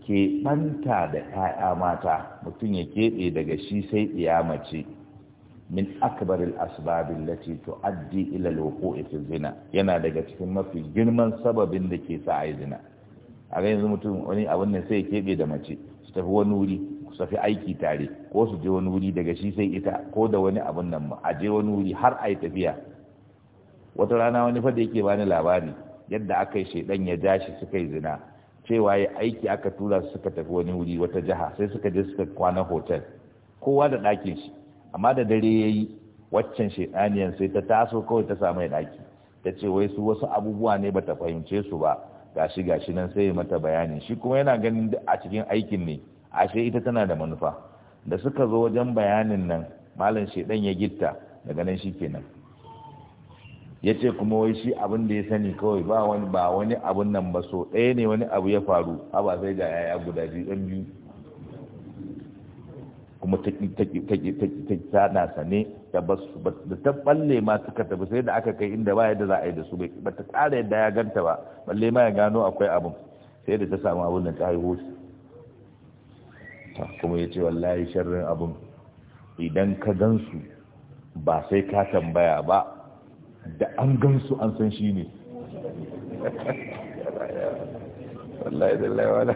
ke ɓanta da 'ya'ya mata mutum ya keɓe daga shi sai iya mace min akbaril asbabin lati tu'addi ila ko fi zina yana daga cikin mafi girman sababin da ke sa ayi zina a ga yanzu mutum wani abin ne sai ya kebe da mace su tafi wani wuri su tafi aiki tare ko su je wani wuri daga shi sai ita ko da wani abin nan ma a je wani wuri har yi tafiya wata rana wani fa da yake bani labari yadda aka yi shaidan ya ja shi suka yi zina cewa ya aiki aka tura su suka tafi wani wuri wata jiha sai suka je suka kwana hotel kowa da ɗakin shi amma da dare ya yi waccan shedaniyan sai ta taso kawai ta samu daki ta ce wai su wasu abubuwa ne bata fahimce su ba gashi gashi nan sai mata bayani shi kuma yana ganin a cikin aikin ne ashe ita tana da manufa da suka zo wajen bayanin nan malam shedan ya gitta daga nan shi ya ce kuma wai shi abin da ya sani kawai ba wani ba wani abun nan ba so ɗaya ne wani abu ya faru ba sai ga yaya guda biyu ɗan biyu kuma ta na sane ta da ta balle ma suka tafi sai da aka kai inda ba yadda za a yi da su ba ta ƙara yadda ya ganta ba balle ma ya gano akwai abin sai da ta samu abin da ta haihu kuma ya ce wallahi sharrin abin idan ka gan su ba sai ka tambaya ba da an gan su an san shi ne wallahi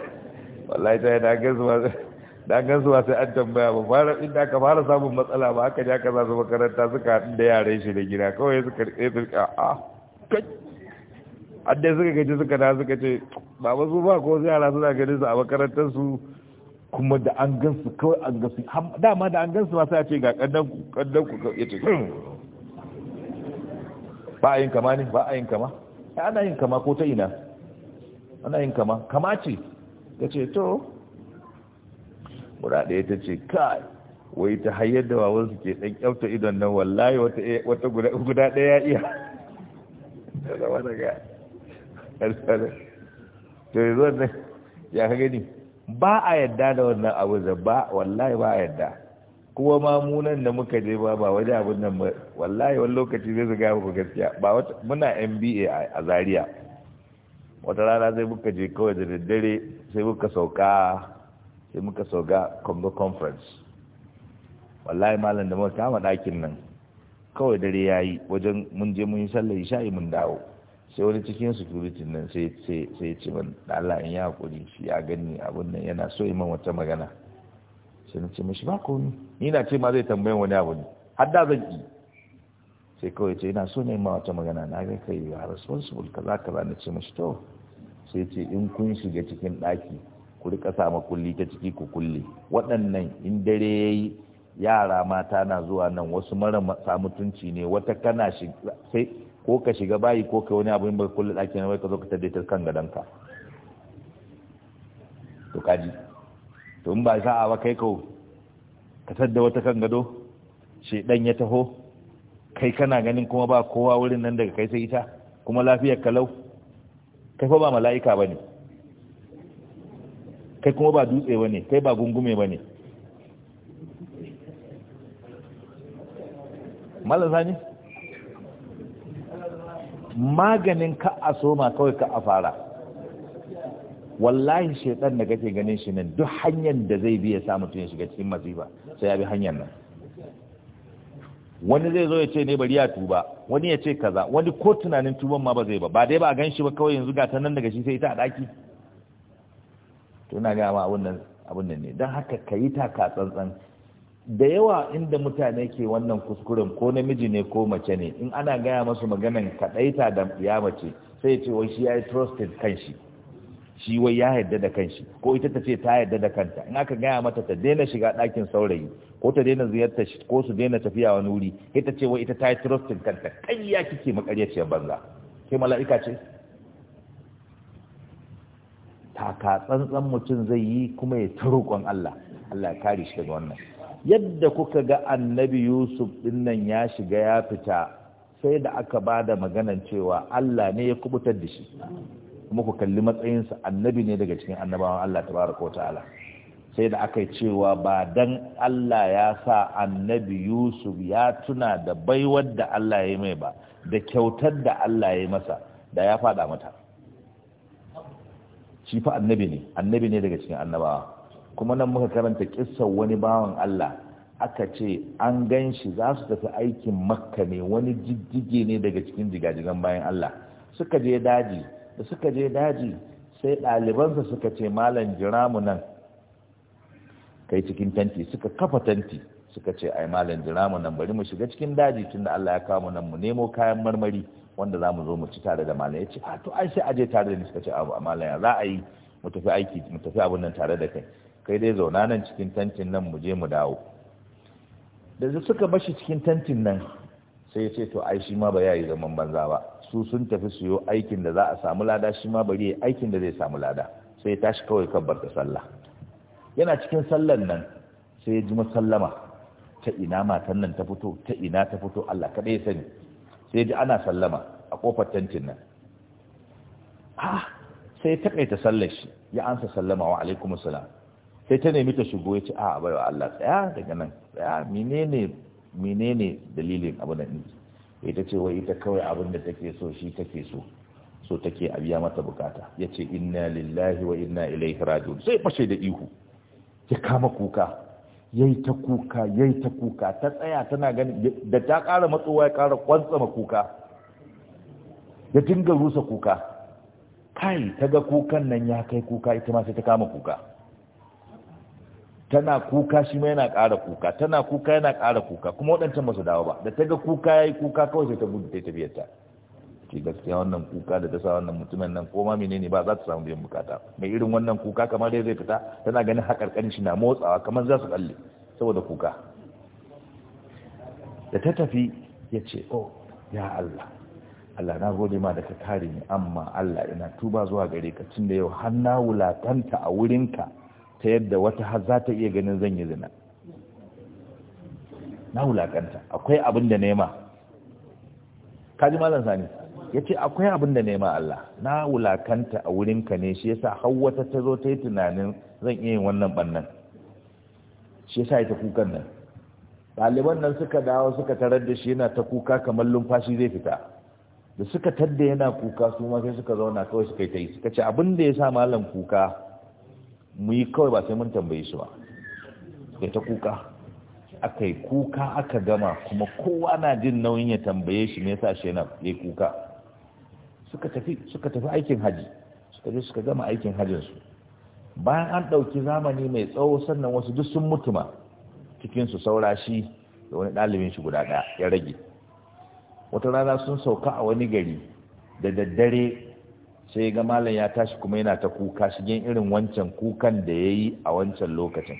wallahi ta yi da gansu ba da gan su sai an tambaya ba fara inda aka fara samun matsala ba haka ja ka za su makaranta suka haɗu da yaran shi da gida kawai suka rike su ka a ah, ah, kai adda suka gaji suka da suka ce ba ba su ba ko sai yara suna ganin su a makarantar su kuma da an gan su kawai an gan su dama da an gan su ma sai a ce ga kandan ku kaddan ku ya ce hmm. ba a yin kama ne ba a yin kama ana yin kama ko ta ina ana yin kama kama ce ta ce to guda ɗaya ta ce kai wai ta hayar da wawan su ke ɗan kyauta idon nan wallahi wata eh, guda ɗaya iya to yi zuwa nan ya ka gani ba a yadda da wannan abu da ba wallahi ba a yadda kuma mamunan da muka je ba ba waje abin nan wallahi wani lokaci zai zaga muku gaskiya ba wata muna mba a zaria wata rana sai muka je kawai da daddare sai muka sauka sai muka ga congo conference wallahi malam da muka kama ɗakin nan kawai dare ya yi wajen mun je mun yi sallar isha'i mun dawo sai wani cikin security nan sai ya ce man Allah in ya haƙuri shi ya gani abin nan yana so iman wata magana sai na ce mashi ba komi ni na ce ma zai tambaye wani abu ne har da zan ki sai kawai ce ina so neman ma wata magana na ga kai ya responsible kaza kaza na ce mashi to sai ce in kun shiga cikin ɗaki ku rika sa makulli ta ciki ku kulle waɗannan in dare ya yi yara mata na zuwa nan wasu mara mutunci ne wata kana sai ko ka shiga bayi ko ka wani abin ba kulle ɗakin wai ka zo ka tabbatar ta kan ka to kaji to in ba sa'a ba kai ko ka tadda wata kan gado shi ɗan ya taho kai kana ganin kuma ba kowa wurin nan daga kai sai ita kuma lafiyar kalau kai fa ba mala'ika ba ne. kai kuma ba dutse ba ne kai ba gungume ba ne malasa ne maganin ka a soma kawai ka a fara wallahi shaitan da kake ganin shi nan duk hanyar da zai biya samu tun ya shiga cikin masifa sai ya bi hanyar nan wani zai zo ya ce ne bari ya tuba wani ya ce kaza wani ko tunanin tuban ma ba zai ba ba dai ba a gan shi ba kawai yanzu ga ta nan daga shi sai ita a ɗaki. to na gama abin ne don haka ka yi taka tsantsan da yawa inda mutane ke wannan kuskuren ko namiji ne ko mace ne in ana gaya masu maganan kaɗaita da ya mace sai ce wai shi ya yi trusted kanshi shi wai ya yarda da kanshi ko ita ta ce ta yarda da kanta in aka gaya mata ta daina shiga ɗakin saurayi ko ta daina ziyarta shi ko su daina tafiya wani wuri ita ce wai ita ta yi trusted kanta kai ya kike makaryaciyar banza kai mala'ika ce taka tsantsan mutum zai yi kuma ya turkon Allah Allah ya kare shi daga wannan yadda kuka ga annabi Yusuf din nan ya shiga ya fita sai da aka ba da maganan cewa Allah ne ya kubutar da shi kuma ku kalli matsayinsa annabi ne daga cikin annabawan Allah tabaraka wa ta'ala sai da aka cewa ba dan Allah ya sa annabi Yusuf ya tuna da baiwar da Allah ya yi mai ba da kyautar da Allah ya yi masa da ya faɗa mata shi fa annabi ne annabi ne daga cikin annabawa kuma nan muka karanta kissar wani bawan Allah aka ce an gan shi za su tafi aikin makka ne wani jijjige ne daga cikin jigajigan bayan Allah suka je daji da suka je daji sai ɗalibansa suka ce malam jira mu nan kai cikin tanti suka kafa tanti suka ce ai malam jira mu nan bari mu shiga cikin daji tunda Allah ya kawo mu nan mu nemo kayan marmari wanda za mu zo mu ci tare da malam ya ce a ah, to ai sai aje tare da ni suka ce abu a malam za a yi mu tafi aiki mu tafi abun nan tare da kai kai dai zauna nan cikin tantin nan mu je mu dawo da su suka bashi cikin tantin nan sai ya ce to ai shi ma ba ya yi zaman banza ba su sun tafi siyo aikin da za a samu lada shi ma bari ya aikin da zai samu lada sai ya tashi kawai kabbar da sallah yana cikin sallan nan sai ya ji musallama ta ina matan nan ta fito ta ina ta fito Allah kaɗai ya sani sai ji ana sallama a kofar tantin nan ha sai ta kaita sallar shi ya ansa sallama wa alaikum assalam sai ta nemi ta shigo ya ce a bai wa Allah tsaya daga nan tsaya menene menene dalilin abu da ni ita ce wai ita kawai abin da take so shi take so so take a biya mata bukata yace inna lillahi wa inna ilaihi rajiun sai fashe da ihu ya kama kuka Yai ta kuka yai ta kuka ta tsaya tana gani da ta ƙara matsowa ya ƙara kwantsama kuka ya dinga rusa kuka kai ta ga kukan nan ya kai kuka ita ma sai ta kama kuka tana kuka shi ma yana kara kuka tana kuka yana ƙara kuka kuma waɗancan ba su dawo ba da ta ga kuka ya yi kuka kawai sai ta gudu ta tafiyarta ke gaskiya wannan kuka da ta sa wannan mutumin nan ko ma menene ba za ta samu biyan bukata mai irin wannan kuka kamar dai zai fita tana ganin hakar na motsawa kamar za su kalle saboda kuka da ta tafi ya ce oh ya Allah Allah na gode ma da ka kare ni amma Allah ina tuba zuwa gare ka tunda yau har na wulatanta a wurinka ta yadda wata har za ta iya ganin zan yi zina na wulakanta akwai abin da nema kaji malam sani ya ce akwai abin da nema Allah na wulakanta a wurinka ne shi yasa wata ta zo ta yi tunanin zan iya yin wannan bannan shi yasa ya ta kukan nan ɗaliban nan suka dawo suka tarar da shi yana ta kuka kamar lumfashi zai fita da suka tadda yana kuka su ma sai suka zauna kawai suka yi ta yi suka ce abin da ya sa malam kuka mu yi kawai ba sai mun tambaye shi ba sai ta kuka aka yi kuka aka gama kuma kowa na jin nauyin ya tambaye shi me yasa shi yana kuka suka tafi suka tafi aikin haji suka je suka gama aikin hajjin su bayan an ɗauki zamani mai tsawo sannan wasu duk sun mutu ma cikin su saura shi da wani ɗalibin shi guda ɗaya ya rage wata rana sun sauka a wani gari da daddare sai ga malam ya tashi kuma yana ta kuka shigen irin wancan kukan da ya yi a wancan lokacin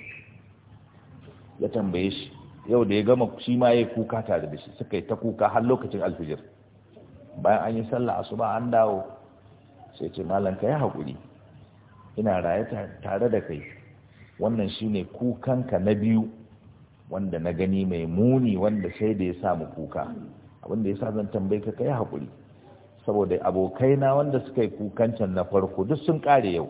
ya tambaye shi yau da ya gama shi ma ya kuka tare da shi suka yi ta kuka har lokacin alfijir bayan an yi sallah asuba an dawo sai ce malam ka yi haƙuri ina raye tare da kai wannan shine kukanka na biyu wanda na gani mai muni wanda sai da ya samu kuka abinda ya sa zan tambayi ka kai haƙuri saboda abokai na wanda suka yi kukancan na farko duk sun kare yau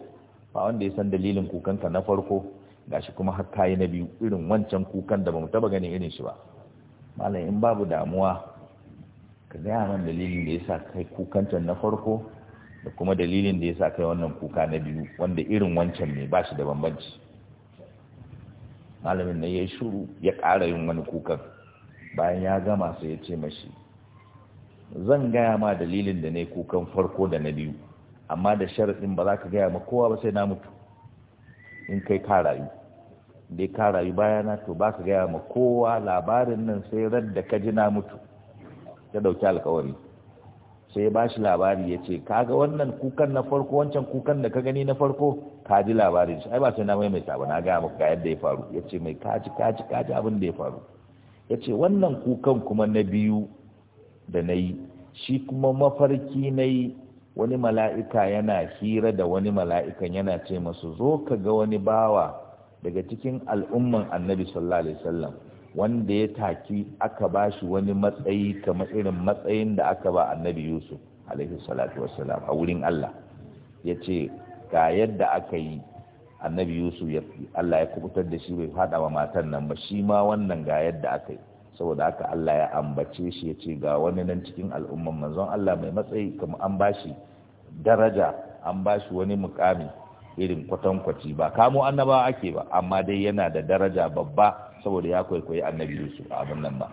ba wanda ya san dalilin kukanka na farko gashi kuma har kayi na biyu irin wancan kukan da bamu taba ganin irin shi ba malam in babu damuwa ka gaya man dalilin da ya sa kai kukancan na farko da kuma dalilin da ya sa kai wannan kuka na biyu wanda irin wancan ne ba shi da bambanci malamin na ya yi shuru ya ƙara yin wani kukan bayan ya gama sai ya ce mashi zan gaya ma dalilin da na kukan farko da na biyu amma da sharaɗin ba za ka gaya ma kowa ba sai na mutu in kai ka rayu dai ka rayu bayana to ba ka gaya ma kowa labarin nan sai da ka ji na mutu ta dauki alkawari sai ya bashi labari ya ce kaga wannan kukan na farko wancan kukan da ka gani na farko ka ji labarin shi ai ba sai na maimaita ba na gaya maka ga yadda ya faru ya ce mai kaji kaji kaji abin da ya faru ya ce wannan kukan kuma na biyu da na yi shi kuma mafarki na yi wani mala'ika yana hira da wani mala'ikan yana ce masu zo ka ga wani bawa daga cikin al'umman annabi sallallahu alaihi wasallam wanda ya taki aka ba shi wani matsayi kamar irin matsayin da aka ba annabi yusuf alaihi salatu wasalam a wurin allah ya ce ga yadda aka yi annabi yusuf ya allah ya kubutar da shi bai fada wa matan nan ba shi ma wannan ga yadda aka yi saboda haka allah ya ambace shi ya ce ga wani nan cikin al'umman manzon allah mai matsayi kamar an ba shi daraja an ba shi wani mukami irin kwatankwaci ba kamo annabawa ake ba amma dai yana da daraja babba saboda ya kwaikwayi annabi yusuf a abin nan ba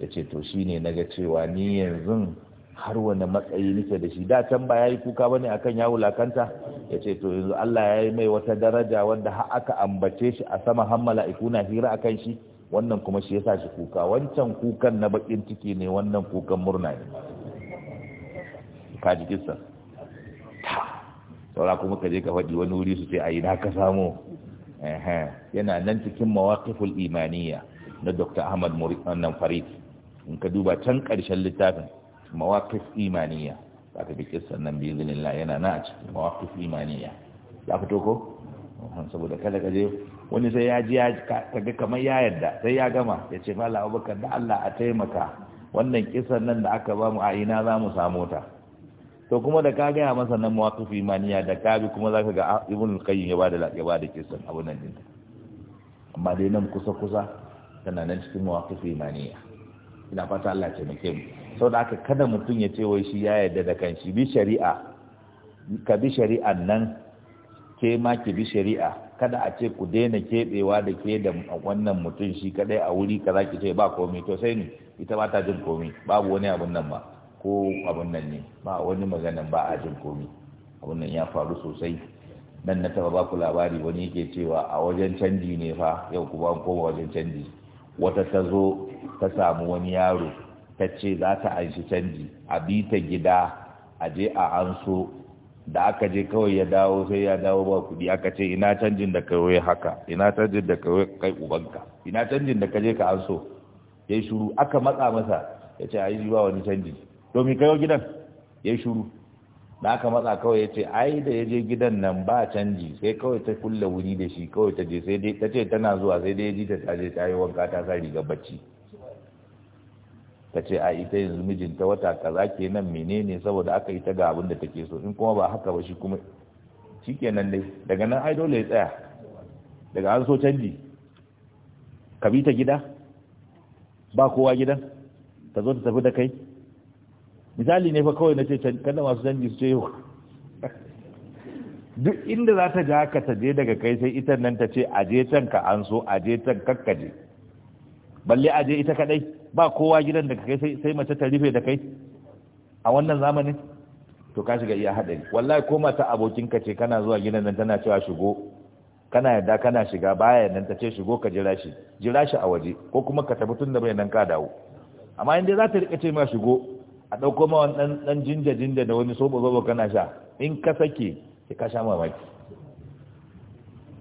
ya ce to shi ne na ga cewa ni yanzu har wani matsayi nake da shi da can ba ya yi kuka ba ne akan ya wulakanta ya ce to yanzu allah ya yi mai wata daraja wanda ha aka ambace shi a sama har mala'iku hira akan shi wannan kuma shi ya sa shi kuka wancan kukan na bakin ciki ne wannan kukan murna ne kaji kissa saura kuma ka je ka faɗi wani wuri su ce a yi na ka samu yana nan cikin mawaƙiful imaniya na Dr. Ahmad Murnan Farid in ka duba can ƙarshen littafin mawaƙif imaniya za ka fi kisan nan bi izinillah yana na a cikin mawaƙif imaniya ya fito ko saboda kada ka je wani sai ya ji ya kaga kamar ya yarda sai ya gama ya ce mala abubakar da Allah a taimaka wannan kisan nan da aka ba mu a ina za mu samu ta to kuma da ka gaya masa nan mawaƙif imaniya da ka bi kuma za ka ga ah, ibn al-qayyim ya bada ya bada kisan abun nan din amma dai nan kusa kusa tana nan cikin mawaƙif imaniya ina fata Allah ya taimake mu saboda haka kada mutum ya ce wai shi ya yarda da kanshi bi shari'a ka bi shari'an nan ke ma ki bi shari'a kada a ce ku daina keɓewa da ke da wannan mutum shi kadai a wuri za ki ce ba komai to sai ni ita ba ta jin komai babu wani abun nan ba ko abun nan ne ba wani maganan ba a jin komi abun nan ya faru sosai nan na taba baku labari wani yake cewa a wajen canji ne fa yau kuma an koma wajen canji wata ta zo ta samu wani yaro ta ce za ta anshi canji a bi ta gida a je a anso da aka je kawai ya dawo sai ya dawo ba kudi aka ce ina canjin da kawai haka ina canjin da kai kai ubanka ina canjin da ka je ka anso ya shiru shuru aka matsa masa ya ce a yi ba wani canji domin kayo gidan ya yi shuru da aka matsa kawai ya ce ai da ya je gidan nan ba canji sai kawai ta kulle wuri da shi kawai ta je sai dai ta ce tana zuwa sai dai ya ji ta taje ta yi wanka ta sa riga bacci ta ce a ita yanzu mijinta wata kaza kenan menene saboda aka yi ta ga abin da take so in kuma ba haka ba shi kuma shikenan dai daga nan ai dole ya tsaya daga an so canji ka bi ta gida ba kowa gidan ta zo ta tafi da kai misali ne fa kawai na ce kada masu canji su ce yau duk inda za ta ja ka ta je daga kai sai ita nan ta ce a je can ka an so a je can kakkaje balle a je ita kadai ba kowa gidan daga kai sai mace ta rufe da kai a wannan zamanin to ka shiga iya hadari wallahi ko mata abokin ka ce kana zuwa gidan nan tana cewa shigo kana yadda kana shiga baya nan ta ce shigo ka jira shi jira shi a waje ko kuma ka tafi tun da bai nan ka dawo amma inda za ta rika ce ma shigo a ɗauko ma wani ɗan jinja jinja da wani soɓo zobo kana sha in ka sake sai ka sha mamaki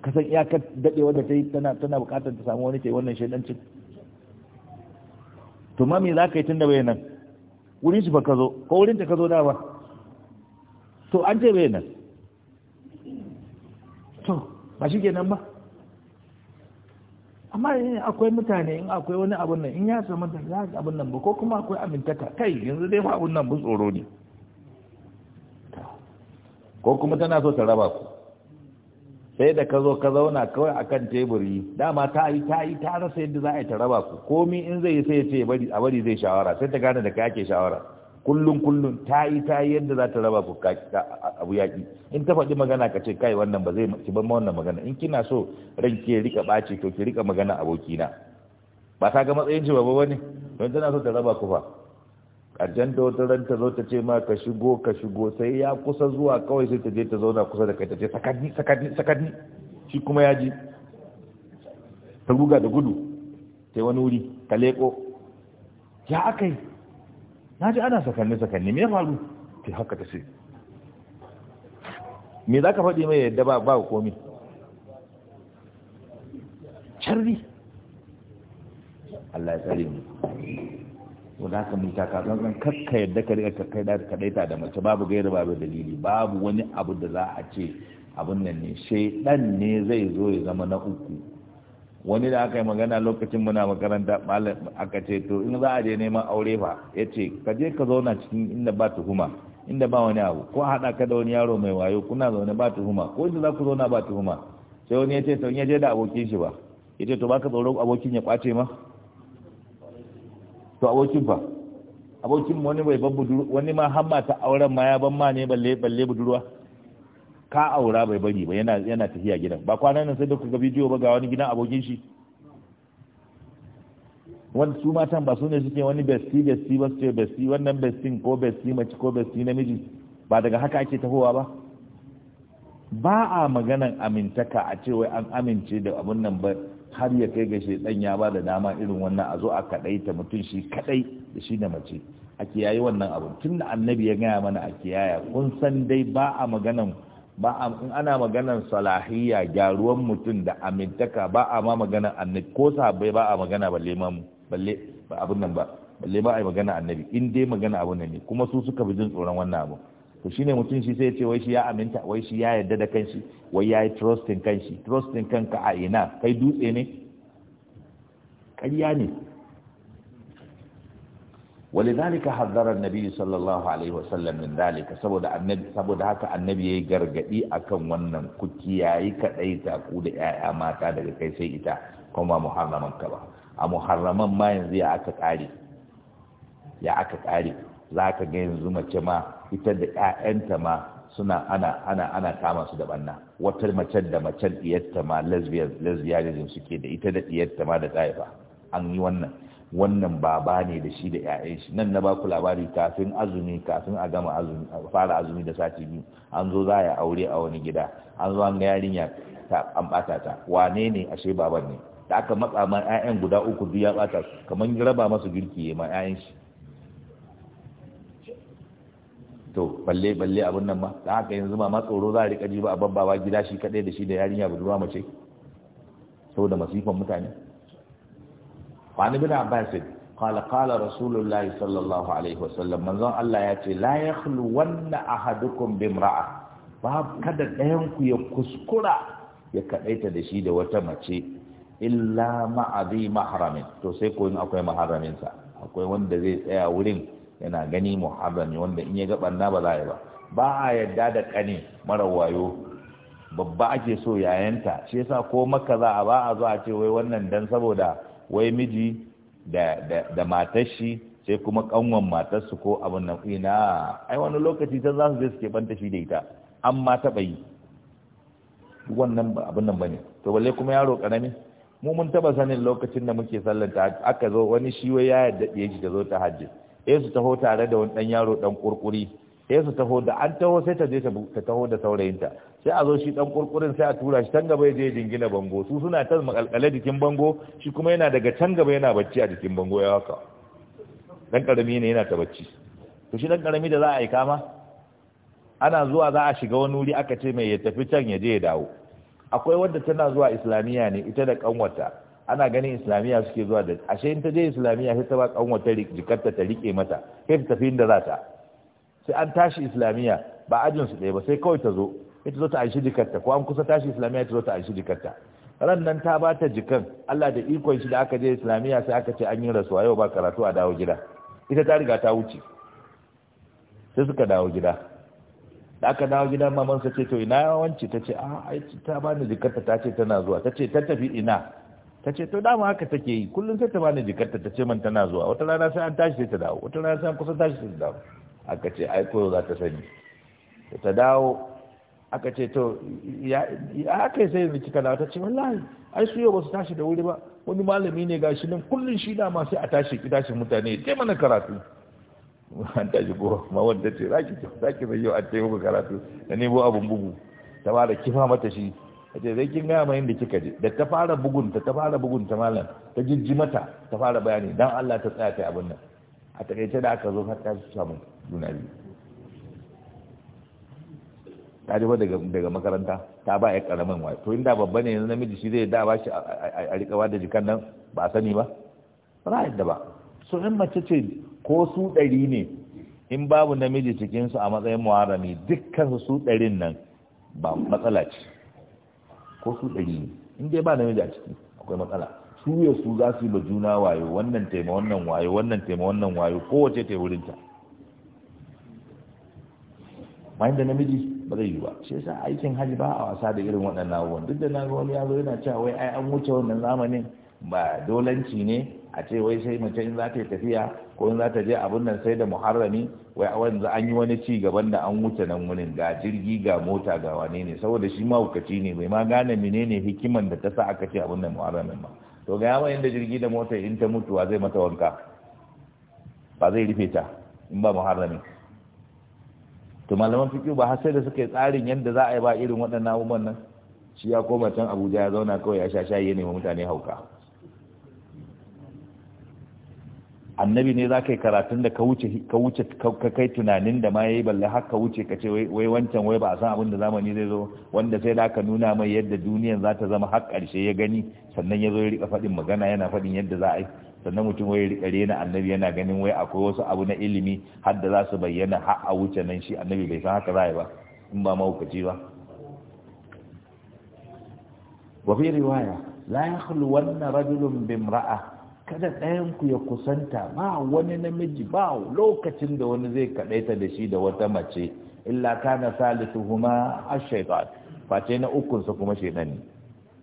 ka san iyakar daɗe da ta yi tana buƙatar ta samu wani ta yi wannan shaidancin to ma me za ka yi tun da bai nan wurin shi ba ka zo ko wurin ta ka zo da ba to an ce bai nan to ba shi kenan ba amma in akwai mutane in akwai wani abun nan in ya samu da za ga abun nan ba ko kuma akwai amintaka kai yanzu dai ba abun nan bu tsoro ne ko kuma tana so ta raba ku sai da ka zo ka zauna kawai akan teburi dama ta yi ta yi ta rasa yadda za a yi ta raba ku komi in zai yi sai ya ce a bari zai shawara sai ta gane da ka yake shawara kullum kullum ta yi ta yi yadda za ta raba ku abu yaƙi in ta faɗi magana ka ce kai wannan ba zai ci ban wannan magana in kina so ran ke rika ɓaci to ki rika magana abokina ba ta ga matsayin ci ba bane don tana so ta raba ku fa ƙarshen ta wata ran ta zo ta ce ma ka shigo ka shigo sai ya kusa zuwa kawai sai ta je ta zauna kusa da kai ta ce sakadni sakadni sakadni shi kuma ya ji ta ruga da gudu sai wani wuri ta leƙo ya akai na ji ana sakanni-sakanni me ya faru ke haka ta ce me za ka faɗi mai yadda ba ba komi carri Allah ya tsari mu wadda k'a mai takatsantsan kakka yadda ka riƙa kakkai da kaɗaita da mace babu gairu babu dalili babu wani abu da za a ce abin nan ne shaidan ne zai zo ya zama na uku wani da aka yi magana lokacin muna makaranta aka ce to in za a je neman aure fa ya ce ka je ka zauna cikin inda ba tuhuma inda ba wani abu ko haɗa ka da wani yaro mai wayo kuna zaune ba tuhuma ko inda za ku zauna ba tuhuma sai wani ya ce to in ya je da abokin shi ba ya ce to ba ka tsoro abokin ya kwace ma to abokin fa abokin wani bai ban budurwa wani ma hamma ta auren ma ya ban ma ne balle balle budurwa ka aura bai bari ba yana yana tafiya gidan ba kwanan nan sai da ga bidiyo ba ga wani gidan abokin shi wani su matan ba su ne suke wani besti besti ba su ce besti wannan bestin ko besti mace ko besti namiji ba daga haka ake tahowa ba ba a maganan amintaka a ce wai an amince da abun nan ba har ya kai ga shaidan ya ba da dama irin wannan a zo a kadai ta mutum shi kadai da shi da mace a kiyaye wannan abun tun da annabi ya gaya mana a kiyaya kun san dai ba a maganan ba in ana maganar salahiyya gyaruwan mutum da amintaka ba a ma maganar annabi ko sahabbai ba a magana balle ma balle ba abun nan ba balle ba a magana annabi in dai magana abun nan ne kuma su suka bi jin tsoron wannan abu to shine mutum shi sai ya ce wai shi ya aminta wai shi ya yarda da kanshi wai ya yi trusting kanshi trusting kanka a ina kai dutse ne kariya ne ولذلك حذر النبي صلى الله عليه وسلم من ذلك saboda annabi saboda haka annabi yayi gargadi akan wannan kuki yayi kadai ta ku da yaya mata daga kai sai ita kuma muharraman ka ba a muharraman ma yanzu ya aka kare ya aka kare zaka ga yanzu mace ma ita da 'ya'yanta ma suna ana ana ana kama su da banna wata mace da macen diyarta ma lesbian lesbianism suke da ita da diyarta ma da taifa an yi wannan wannan baba ne da shi da 'ya'yan shi nan na baku labari kafin azumi kafin a gama azumi fara azumi da sati biyu an zo za a aure a wani gida an zo an ga yarinya ta an ta wane ne ashe baban ne da aka matsa ma 'ya'yan guda uku biyu ya ɓata. su kamar raba masu girki ma 'ya'yan shi to balle balle abin nan ma da haka yanzu ma ma tsoro za a riƙa ji ba a babbawa gida shi kaɗai da shi da yarinya budurwa mace saboda masifan mutane وعن ابن عباس قال قال رسول الله صلى الله عليه وسلم من ظن الله يأتي لا يخلون أحدكم بامرأة باب كذا دينكو يكسكرا يكأيت دشيد وتمتي إلا مع ذي محرم تسيكو إن أكوي محرم إنسا أكوي وند ذي إيا ولين ينا غني محرم وند إن يقب النابا لايبا ba a yadda da kane mara wayo babba ake so yayanta shi yasa ko maka za a ba a zo a ce wai wannan dan saboda wai miji da da da matashi sai kuma kanwan matar su ko abin nan ina ai wani lokaci ta za su je su ke banta shi da ita an ma taɓa yi wannan abin nan bane to balle kuma yaro karami mu mun taba sanin lokacin da muke sallanta aka zo wani shi wai ya yadda ya shi ta zo ta hajji sai su taho tare da wani dan yaro dan kurkuri sai su taho da an taho sai ta je ta taho da saurayinta sai a zo shi dan kurkurin sai a tura shi can gaba ya je jingina bango su suna ta makalkale jikin bango shi kuma yana daga can gaba yana bacci a jikin bango ya haka dan karami ne yana ta bacci to shi dan karami da za a aika ma ana zuwa za a shiga wani wuri aka ce mai ya tafi can ya je ya dawo akwai wadda tana zuwa islamiya ne ita da kanwata ana ganin islamiya suke zuwa da ashe in ta je islamiyya sai ta ba kanwata jikarta ta rike mata sai ta tafi inda za ta sai an tashi islamiyya ba ajinsu ɗaya ba sai kawai ta zo ita zo ta aishi jikarta ko an kusa tashi islamiyya ta zo ta anshi jikarta ran nan ta ba ta jikan Allah da ikon shi da aka je islamiyya sai aka ce an yi rasuwa yau ba karatu a dawo gida ita ta riga ta wuce sai suka dawo gida da aka dawo gida maman sa ce to ina wanci ta ce a ah, ai ta bani jikarta ta ce tana zuwa ta ce ta tafi ina ta ce to dama haka take yi kullum sai ta bani jikarta ta ce man tana zuwa wata rana sai an tashi sai ta dawo wata rana sai an kusa tashi sai ta dawo aka ce ai ko za ta sani ta dawo aka ce to ya aka yi sai da cika da ta ce wallahi ai su yau ba su tashi da wuri ba wani malami ne ga shi nan kullum shi dama sai a tashi ki tashi mutane ya mana karatu an tashi ko ma wanda ce za ki za ki zai yau an taimaka karatu da nemo abun bugu ta ba da kifa mata shi a ce zai kin gaya ma yadda kika je da ta fara bugunta ta fara bugunta malam ta jijji mata ta fara bayani dan Allah ta tsaya ta abin nan a takaice da aka zo har ta samu juna biyu ta jefa daga makaranta ta ba ya karamin wa to inda babba ne na namiji shi zai da ba shi a rikawa da jikan nan ba a sani ba ba za a yadda ba so in mace ce ko su ɗari ne in babu namiji cikinsu a matsayin muharami dukkan su ɗarin nan ba matsala ce ko su ɗari ne in dai ba namiji a ciki akwai matsala su ya su za su yi ba juna wayo wannan taima wannan wayo wannan taima wannan wayo kowace ta wurinta bayan da namiji ba zai yi ba shi yasa aikin hajji ba a wasa da irin waɗannan abubuwan duk da na ga wani yaro yana cewa wai ai an wuce wannan zamanin ba dolanci ne a ce wai sai mace in za ta yi tafiya ko in za ta je abin nan sai da muharrami wai a wanzu an yi wani ci gaban da an wuce nan wurin ga jirgi ga mota ga wane ne saboda shi mahaukaci ne mai ma gane menene hikiman da ta sa aka ce abin nan muharramin ba to ga yawa inda jirgi da mota in ta mutuwa zai mata wanka ba zai rufe ta in ba muharramin to malaman fiƙi ba har sai da suka yi tsarin yadda za a yi ba irin waɗannan abubuwan nan shi ya koma can Abuja ya zauna kawai ya sha shayi ya nema mutane hauka annabi ne za ka yi karatun da ka wuce ka kai tunanin da ma ya yi balle har ka wuce ka ce wai wancan wai ba a san abin da zamani zai zo wanda sai da aka nuna mai yadda duniyan za ta zama har ƙarshe ya gani sannan ya zo ya rika faɗin magana yana faɗin yadda za a yi sannan mutum wai rikare na annabi yana ganin wai akwai wasu abu na ilimi har da za su bayyana har a wuce nan shi annabi bai san haka zai ba in ba mawukaci ba wa fi riwaya la yakhlu wanna rajulun bi imra'a kada ɗayan ku ya kusanta ba wani namiji ba lokacin da wani zai kadaita da shi da wata mace illa kana salisuhuma ash-shaytan face na ukun sa kuma shaytan ne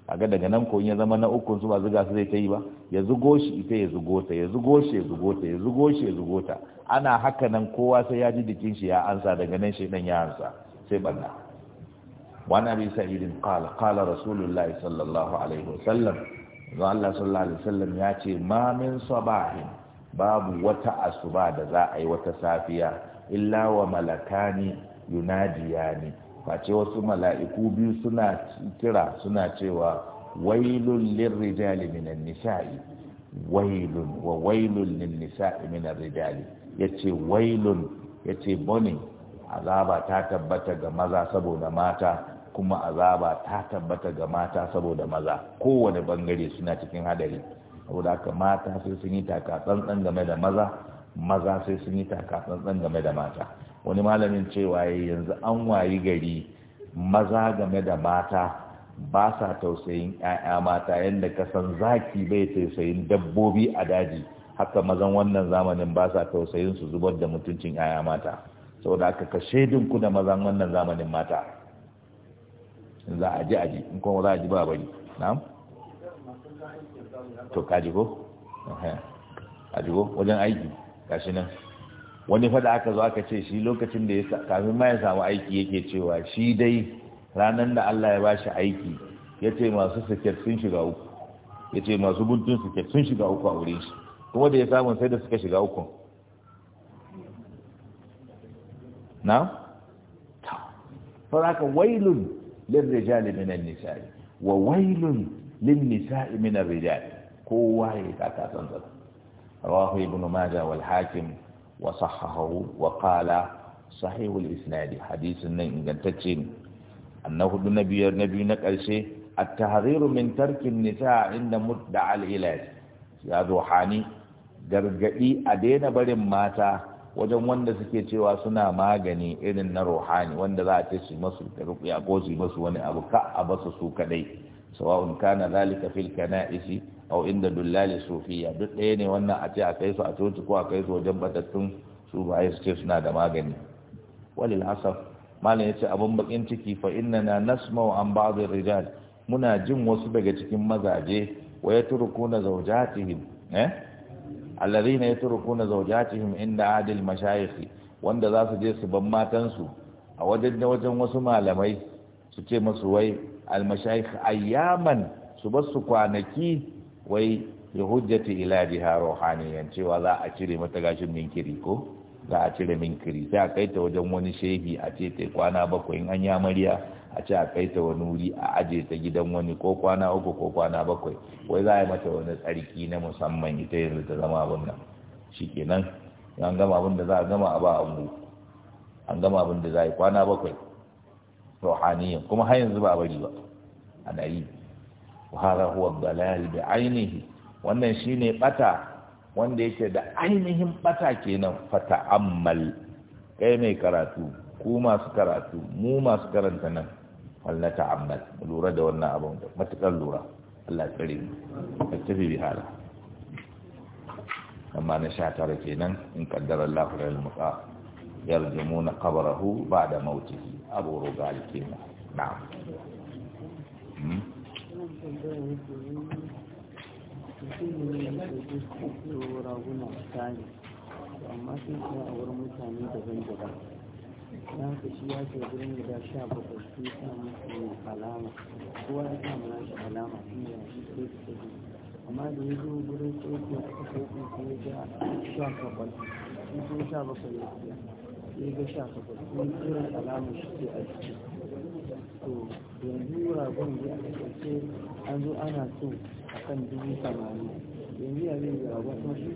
kaga daga nan ko in ya zama na ukun su ba zuga su zai ta yi ba ya zugo shi ita ya zugo ta ya zugo shi ya zugo ta ya zugo shi ya zugo ta ana haka nan kowa sai ya ji jikin shi ya ansa daga nan shi dan ya ansa sai banna wa nabi sa'idin qala qala rasulullahi sallallahu alaihi wasallam zan Allah sallallahu alaihi wasallam ya ce ma min sabahin babu wata asuba da za a yi wata safiya illa wa malakani yunadiyani face wasu mala'iku biyu suna kira suna cewa wailun lirrijali minan nisa'i wailun wa wailun lil nisa'i minar rijali yace wailun yace bani azaba ta tabbata ga maza saboda mata kuma azaba ta tabbata ga mata saboda maza kowane bangare suna cikin hadari saboda haka mata sai sun yi taka tsantsan game da maza maza sai sun yi taka tsantsan game da mata wani malamin cewa yanzu an wayi gari maza game da mata ba sa tausayin 'ya'ya mata yadda kasan zaki bai tausayin dabbobi a daji haka mazan wannan zamanin ba sa tausayin su zubar da mutuncin 'ya'ya mata saboda aka ka shaidinku da mazan wannan zamanin mata za a ji ji in kuma za a ji ba bari na'am to ka ko ko wajen aiki gashi nan wani fada aka zo aka ce shi lokacin da ya kafin ma ya samu aiki yake cewa shi dai ranar da Allah ya bashi aiki ya ce masu siket sun shiga uku ya ce masu guntun siket sun shiga uku a wurin shi kuma da ya samu sai da suka shiga uku na? faraka wailun lin rijali minan nisa'i wa wailun lin nisa'i minan rijali kowa ya kaka san zaka rawahu ibnu majah wal hakim وصححه وقال صحيح الإسناد حديث النين إن تتشين أنه النبي النبي نقل شيء التحذير من ترك النساء عند مدعى العلاج يا روحاني gargaɗi a daina barin mata wajen wanda suke cewa suna magani irin na ruhani wanda za a ce su masu ya ko su masu wani abu ka a basu su kadai sawa'un kana zalika fil isi. au inda dullali sufiya duk ɗaya ne wannan a ce a kai su a coci ko a kai su wajen batattun su ba su ce suna da magani walil asaf malam ce abun bakin ciki fa na nasma'u an ba'dir rijal muna jin wasu daga cikin mazaje wa na zawjatihim eh alladhina yatrukuna zawjatihim inda adil mashayikh wanda za su je su ban matansu a wajen wajen wasu malamai su ce masu wai almashayikh ayyaman su su kwanaki wai ya hujjata ila ruhaniyan cewa za a cire mata gashin minkiri ko za a cire minkiri sai a kai ta wajen wani shehi a ce ta kwana bakwai in an yi amarya a ce a kai ta wani wuri a aje ta gidan wani ko kwana uku ko kwana bakwai wai za a yi mata wani tsarki na musamman ita yanzu ta zama abin nan shi kenan an gama abin da za a gama a ba mu an gama abin da za a yi kwana bakwai ruhaniyan kuma har yanzu ba a bari ba ana yi wa huwa dalal bi ainihi wannan shine bata wanda yake da ainihin bata kenan ta'ammal kai mai karatu ku masu karatu mu masu karanta nan wallah ta'ammal lura da wannan abun matukar lura Allah kare mu tafi bi hala amma na sha tara kenan in kaddara Allah lil muqa yarjumuna qabrahu ba'da mautihi abu rugal kenan na'am hmm? raguna ta ne amma sun kuma a wurin mutane daban-daban na ka shi ya ce wurin guda sha bakwai sun sa musu alama kowa ya sa mana shi alama sun yi shi sai su tafi amma da ya zo wurin tsoki a tsoki sai ya ga sha bakwai sun sha bakwai ya fiya ga sha bakwai sun irin alama shi ke a ciki to yanzu ragon da aka kace an zo ana so a kan dubu samari yanzu ya inda ya wannan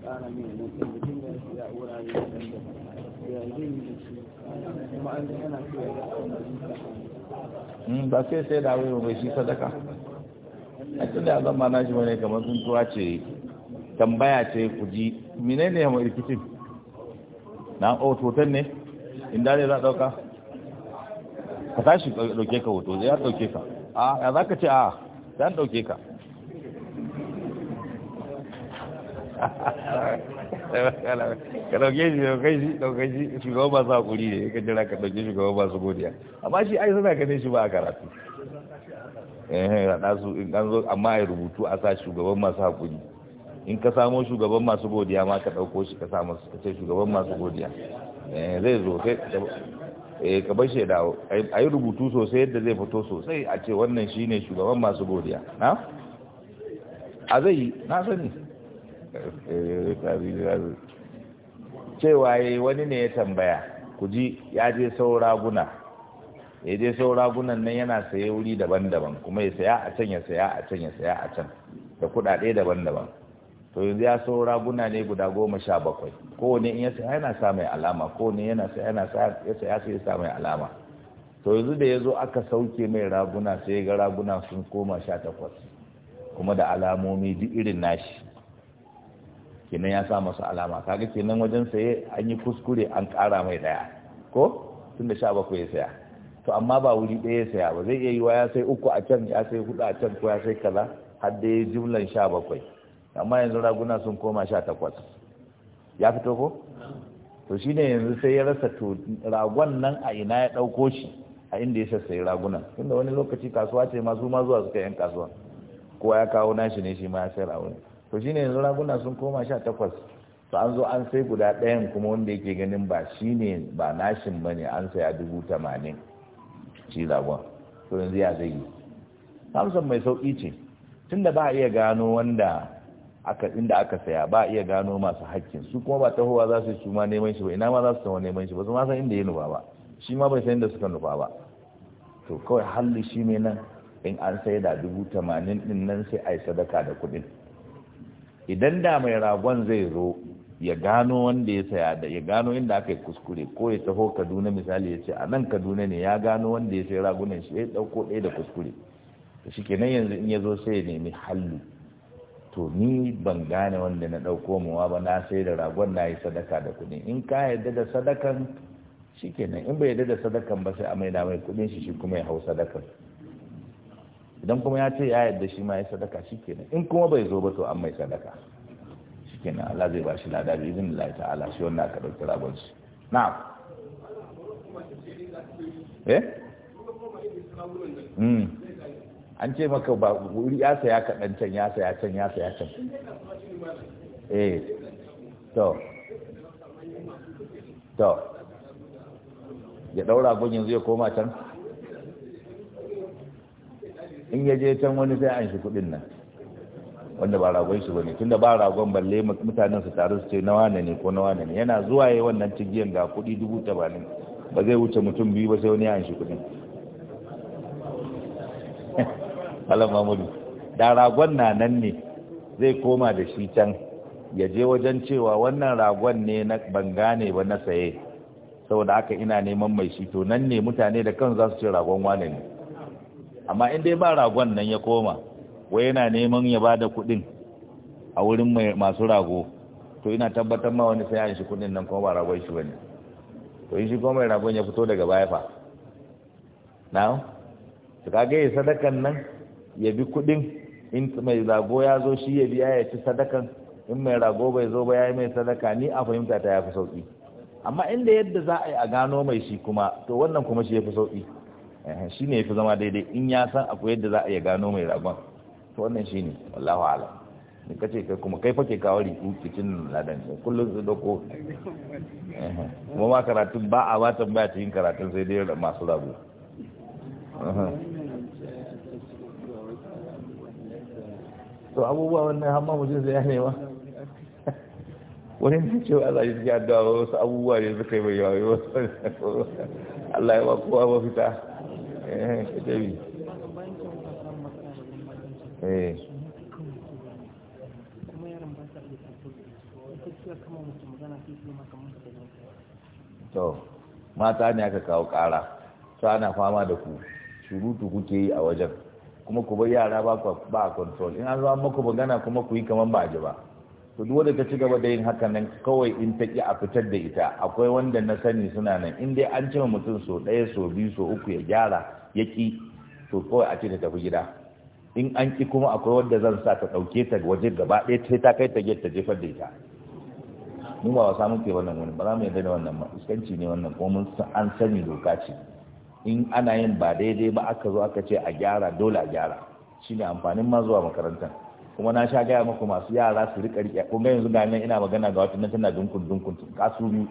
tsara mai ya wurare da da ya yi da kuma an ana so ya ga a wannan samari. ba sai sai da wuri shi sadaka a tun da zan mana shi bane kamar sun tuwa ce tambaya ce ku inda ne za a dauka ka tashi dauke ka hoto zai ya dauke ka a ya za ka ce a ya ɗauke dauke ka ka dauke shi dauke shi dauke shi shugaban ba su hakuri ne ka jira ka dauke shugaban ba su godiya amma shi ai suna ganin shi ba a karatu eh da su in kan zo amma ya rubutu a sa shugaban masu hakuri in ka samo shugaban masu godiya ma ka dauko shi ka samu ka ce shugaban masu godiya Eh, zai zo sai ka eh, bar ya dawo a yi rubutu sosai yadda zai fito sosai a ce wannan shi ne shugaban masu godiya na? a zai yi na sani cewa ya yi wani ne ya tambaya ku ji ya je sau raguna ya je sau ragunan nan yana saye wuri daban-daban kuma ya saya a can ya saya a can ya saya a can da kudade daban-daban to yanzu ya so raguna ne guda goma sha bakwai kowane in ya yana sa mai alama kowane yana sa yana sa ya sai sa mai alama to yanzu da ya zo aka sauke mai raguna sai ga raguna sun koma sha takwas kuma da alamomi duk irin nashi kenan ya sa masu alama kaga kenan wajen saye an yi kuskure an kara mai daya ko tun da sha bakwai ya saya to amma ba wuri ɗaya ya saya ba zai iya yiwa ya sai uku a can ya sai hudu a can ko ya sai kaza har da ya jimlan sha bakwai amma yanzu raguna sun koma sha takwas ya fito ko to shi ne yanzu sai ya rasa to ragon nan a ina ya ɗauko shi a inda ya sassai raguna tunda wani lokaci kasuwa ce masu ma zuwa suka yan kasuwa kowa ya kawo nashi ne shi ma ya sayar a wurin to shi ne yanzu raguna sun koma sha takwas to an zo an sai guda ɗayan kuma wanda yake ganin ba shi ne ba nashin ba ne an saya dubu tamanin shi ragon to yanzu ya zai yi samson mai sauƙi ce tunda ba a iya gano wanda aka inda aka saya ba iya gano masu hakkin su kuma ba tahowa za su su ma neman shi ba ina ma za su taho neman shi ba su ma san inda ya nufa ba shi ma bai san inda suka nufa ba to kawai halli shi mai nan in an sai da dubu tamanin din nan sai a yi sadaka da kuɗin idan da mai ragon zai zo ya gano wanda ya saya da ya gano inda aka yi kuskure ko ya taho kaduna misali ya ce a nan kaduna ne ya gano wanda ya sai ragunan shi ya ɗauko ɗaya da kuskure to shi kenan yanzu in ya zo sai ya nemi hallu to ni ban gane wanda na ɗauko muwa ba na sai da ragon na yi sadaka da kuɗi in ka yarda da sadakan shi kenan in bai yarda da sadakan ba sai a mai da mai kuɗin shi shi kuma ya hau sadakan idan kuma ya ce ya yarda shi ma ya sadaka shi kenan in kuma bai zo ba to an mai sadaka shi kenan Allah zai ba shi lada bi izin lai ta'ala shi wannan aka ɗauki ragon shi na'am eh hmm. an ce maka ba wuri ya saya kaɗan can ya saya can ya saya can eh to to ya ɗaura gun yanzu ya koma can in ya je can wani sai an shi kuɗin nan wanda ba ragon shi wani tunda ba ragon balle mutanen su taru su ce na wane ne ko na wane ne yana zuwa yi wannan cigiyar ga kuɗi dubu tamanin ba zai wuce mutum biyu ba sai wani ya an shi kuɗin malam Amadu da ragon na nan ne zai koma da shi can ya je wajen cewa wannan ragon ne na banga ne ba na saye saboda aka ina neman mai shi to nan ne mutane da kan za su ce ragon wane ne amma in dai ba ragon nan ya koma wai yana neman ya ba da kuɗin a wurin masu rago to ina tabbatar ma wani sayan shi kuɗin nan kuma ba ragon shi bane to in shi kuma mai ragon ya fito daga baya fa na'am to kage sadakan nan ya bi kuɗin in mai rago ya zo shi ya biya ya ci sadakan in mai rago bai zo ba ya yi mai sadaka ni a fahimta ta ya fi sauƙi amma inda yadda za a yi a gano mai shi kuma to wannan kuma shi ya fi sauƙi shi ne ya fi zama daidai in ya san akwai yadda za a iya gano mai ragon to wannan shi ne wallahu ala ne kace kai kuma kai fa ke kawo riku cikin ladan sai kullum su doko kuma ma karatun ba a ba tambaya cikin karatun sai dai masu rabo to abubuwa wannan hamma mutum zai yane wa wani ne ce ba za a yi addu'a ba wasu abubuwa ne suka yi mai yawa Allah ya ba kowa ba fita eh jabi eh to mata ne aka kawo kara ta ana fama da ku surutu kuke yi a wajen kuma ku bar yara ba ba control in an zama muku magana kuma ku yi kaman ba ji ba to duk wanda ta ci gaba da yin haka nan kawai in ta ki a fitar da ita akwai wanda na sani suna nan in dai an cima mutum so ɗaya so biyu so uku ya gyara ya ki to kawai a ce ta tafi gida in an ki kuma akwai wanda zan sa ta ɗauke ta waje gaba ɗaya sai ta kai ta gyar ta jefar da ita mu ba wasa muke wannan wani ba za mu yarda da wannan ma iskanci ne wannan kuma mun an sani doka ce in ana yin ba daidai ba aka zo aka ce a gyara dole a gyara shine amfanin ma zuwa makarantar kuma na sha gaya muku masu yara su rika riƙe kuma yanzu ga nan ina magana ga wata tana dunkun dunkun kasu biyu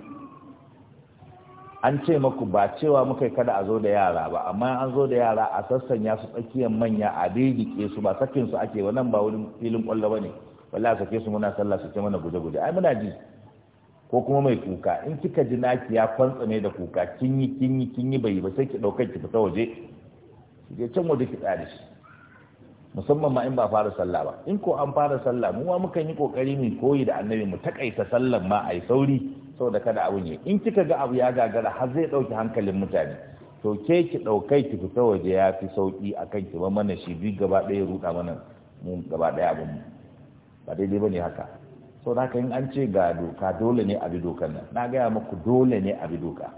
an ce maku ba cewa muka kada a zo da yara ba amma an zo da yara a sassanya su tsakiyar manya a daidike su ba sakin su ake wannan ba wurin filin kwallo ba ne wallahi sake su muna sallah su ce mana guje guje ai muna ji ko kuma mai kuka in kika ji naki ya kwantsame da kuka kin yi kin yi kin yi bai ba sai ki daukar ki fita waje ki je can waje ki tsare shi musamman ma in ba fara sallah ba in ko an fara sallah mu ma mukan yi kokari mu koyi da annabi mu takaita sallan ma ai sauri saboda kada abun yi in kika ga abu ya gagara har zai dauki hankalin mutane to ke ki daukai ki fita waje ya fi sauki akan ki ba mana shi bi gaba daya ruda mana mu gaba daya abun ba daidai bane haka sau da in an ce ga doka dole ne a bi dokan nan na gaya maku dole ne a bi doka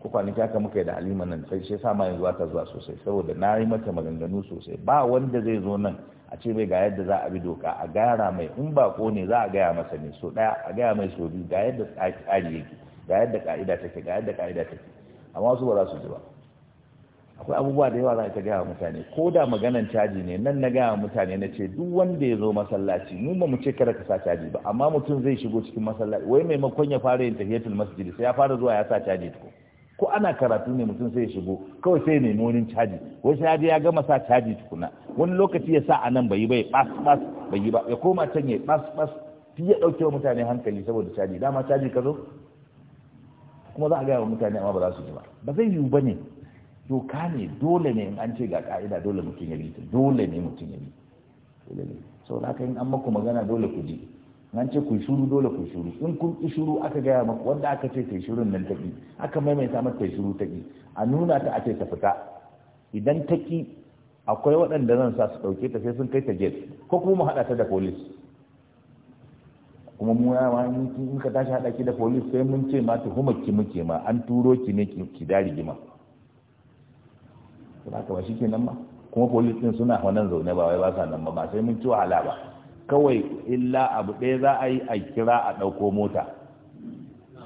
ku kwanaki haka muka yi da halima nan sai shi sa ma yanzu ta zuwa sosai saboda na yi mata maganganu sosai ba wanda zai zo nan a ce mai ga yadda za a bi doka a gara mai in ba ko ne za a gaya masa ne so daya a gaya mai so biyu ga yadda tsari yake ga yadda ka'ida take ga yadda ka'ida take amma wasu ba za su ji ba akwai abubuwa da yawa za ta gaya mutane ko da maganan caji ne nan na gaya mutane na ce duk wanda ya zo masallaci mu ba mu ce kada ka sa caji ba amma mutum zai shigo cikin masallaci wai maimakon ya fara yin tahiyatul masjid sai ya fara zuwa ya sa caji ko ko ana karatu ne mutum sai ya shigo kawai sai ne monin caji wai sai ya ya gama sa caji tukuna wani lokaci ya sa anan bai bai bas bas bai ba ya koma can ya bas bas fi ya dauke mutane hankali saboda caji dama caji ka zo kuma za a gaya wa mutane amma ba za su ji ba ba zai yiwu ba ne doka ne dole ne in an ce ga ka'ida dole mutum ya bi ta dole ne mutum ya bi dole ne sau da aka yi an maku magana dole ku ji an ce ku shuru dole ku shuru in kun ki shuru aka gaya maku wanda aka ce ta shurun nan ta aka maimaita mata ta shuru ta a nuna ta a ce ta fita idan ta ki akwai waɗanda zan sa su ɗauke ta sai sun kai ta gate ko kuma mu haɗa ta da polis kuma mu yawa in ka tashi haɗa ki da polis sai mun ce ma tuhumar ki muke ma an turo ki ne ki da ma. don haka ba shi ke nan ba kuma polis ɗin suna wannan zaune ba wai ba sa nan ba ba sai mun ci wahala ba kawai illa abu ɗaya za a yi a kira a ɗauko mota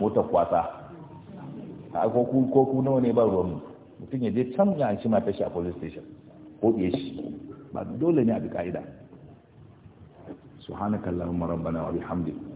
mota kwasa a ko ku nawa ne ba ruwan mutum ya je can ya an shi ma tashi a police station ko ɗaya shi ba dole ne a bi ka'ida subhanakallahumma rabbana wa bihamdika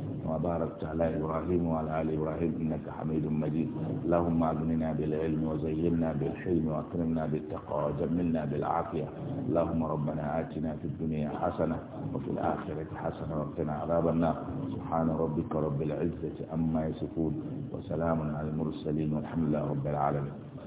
وباركت على إبراهيم وعلى آل إبراهيم إنك حميد مجيد اللهم أغننا بالعلم وزينا بالحلم وأكرمنا بالتقوى وجملنا بالعافية اللهم ربنا آتنا في الدنيا حسنة وفي الآخرة حسنة وقنا عذاب النار سبحان ربك رب العزة أما يصفون وسلام على المرسلين والحمد لله رب العالمين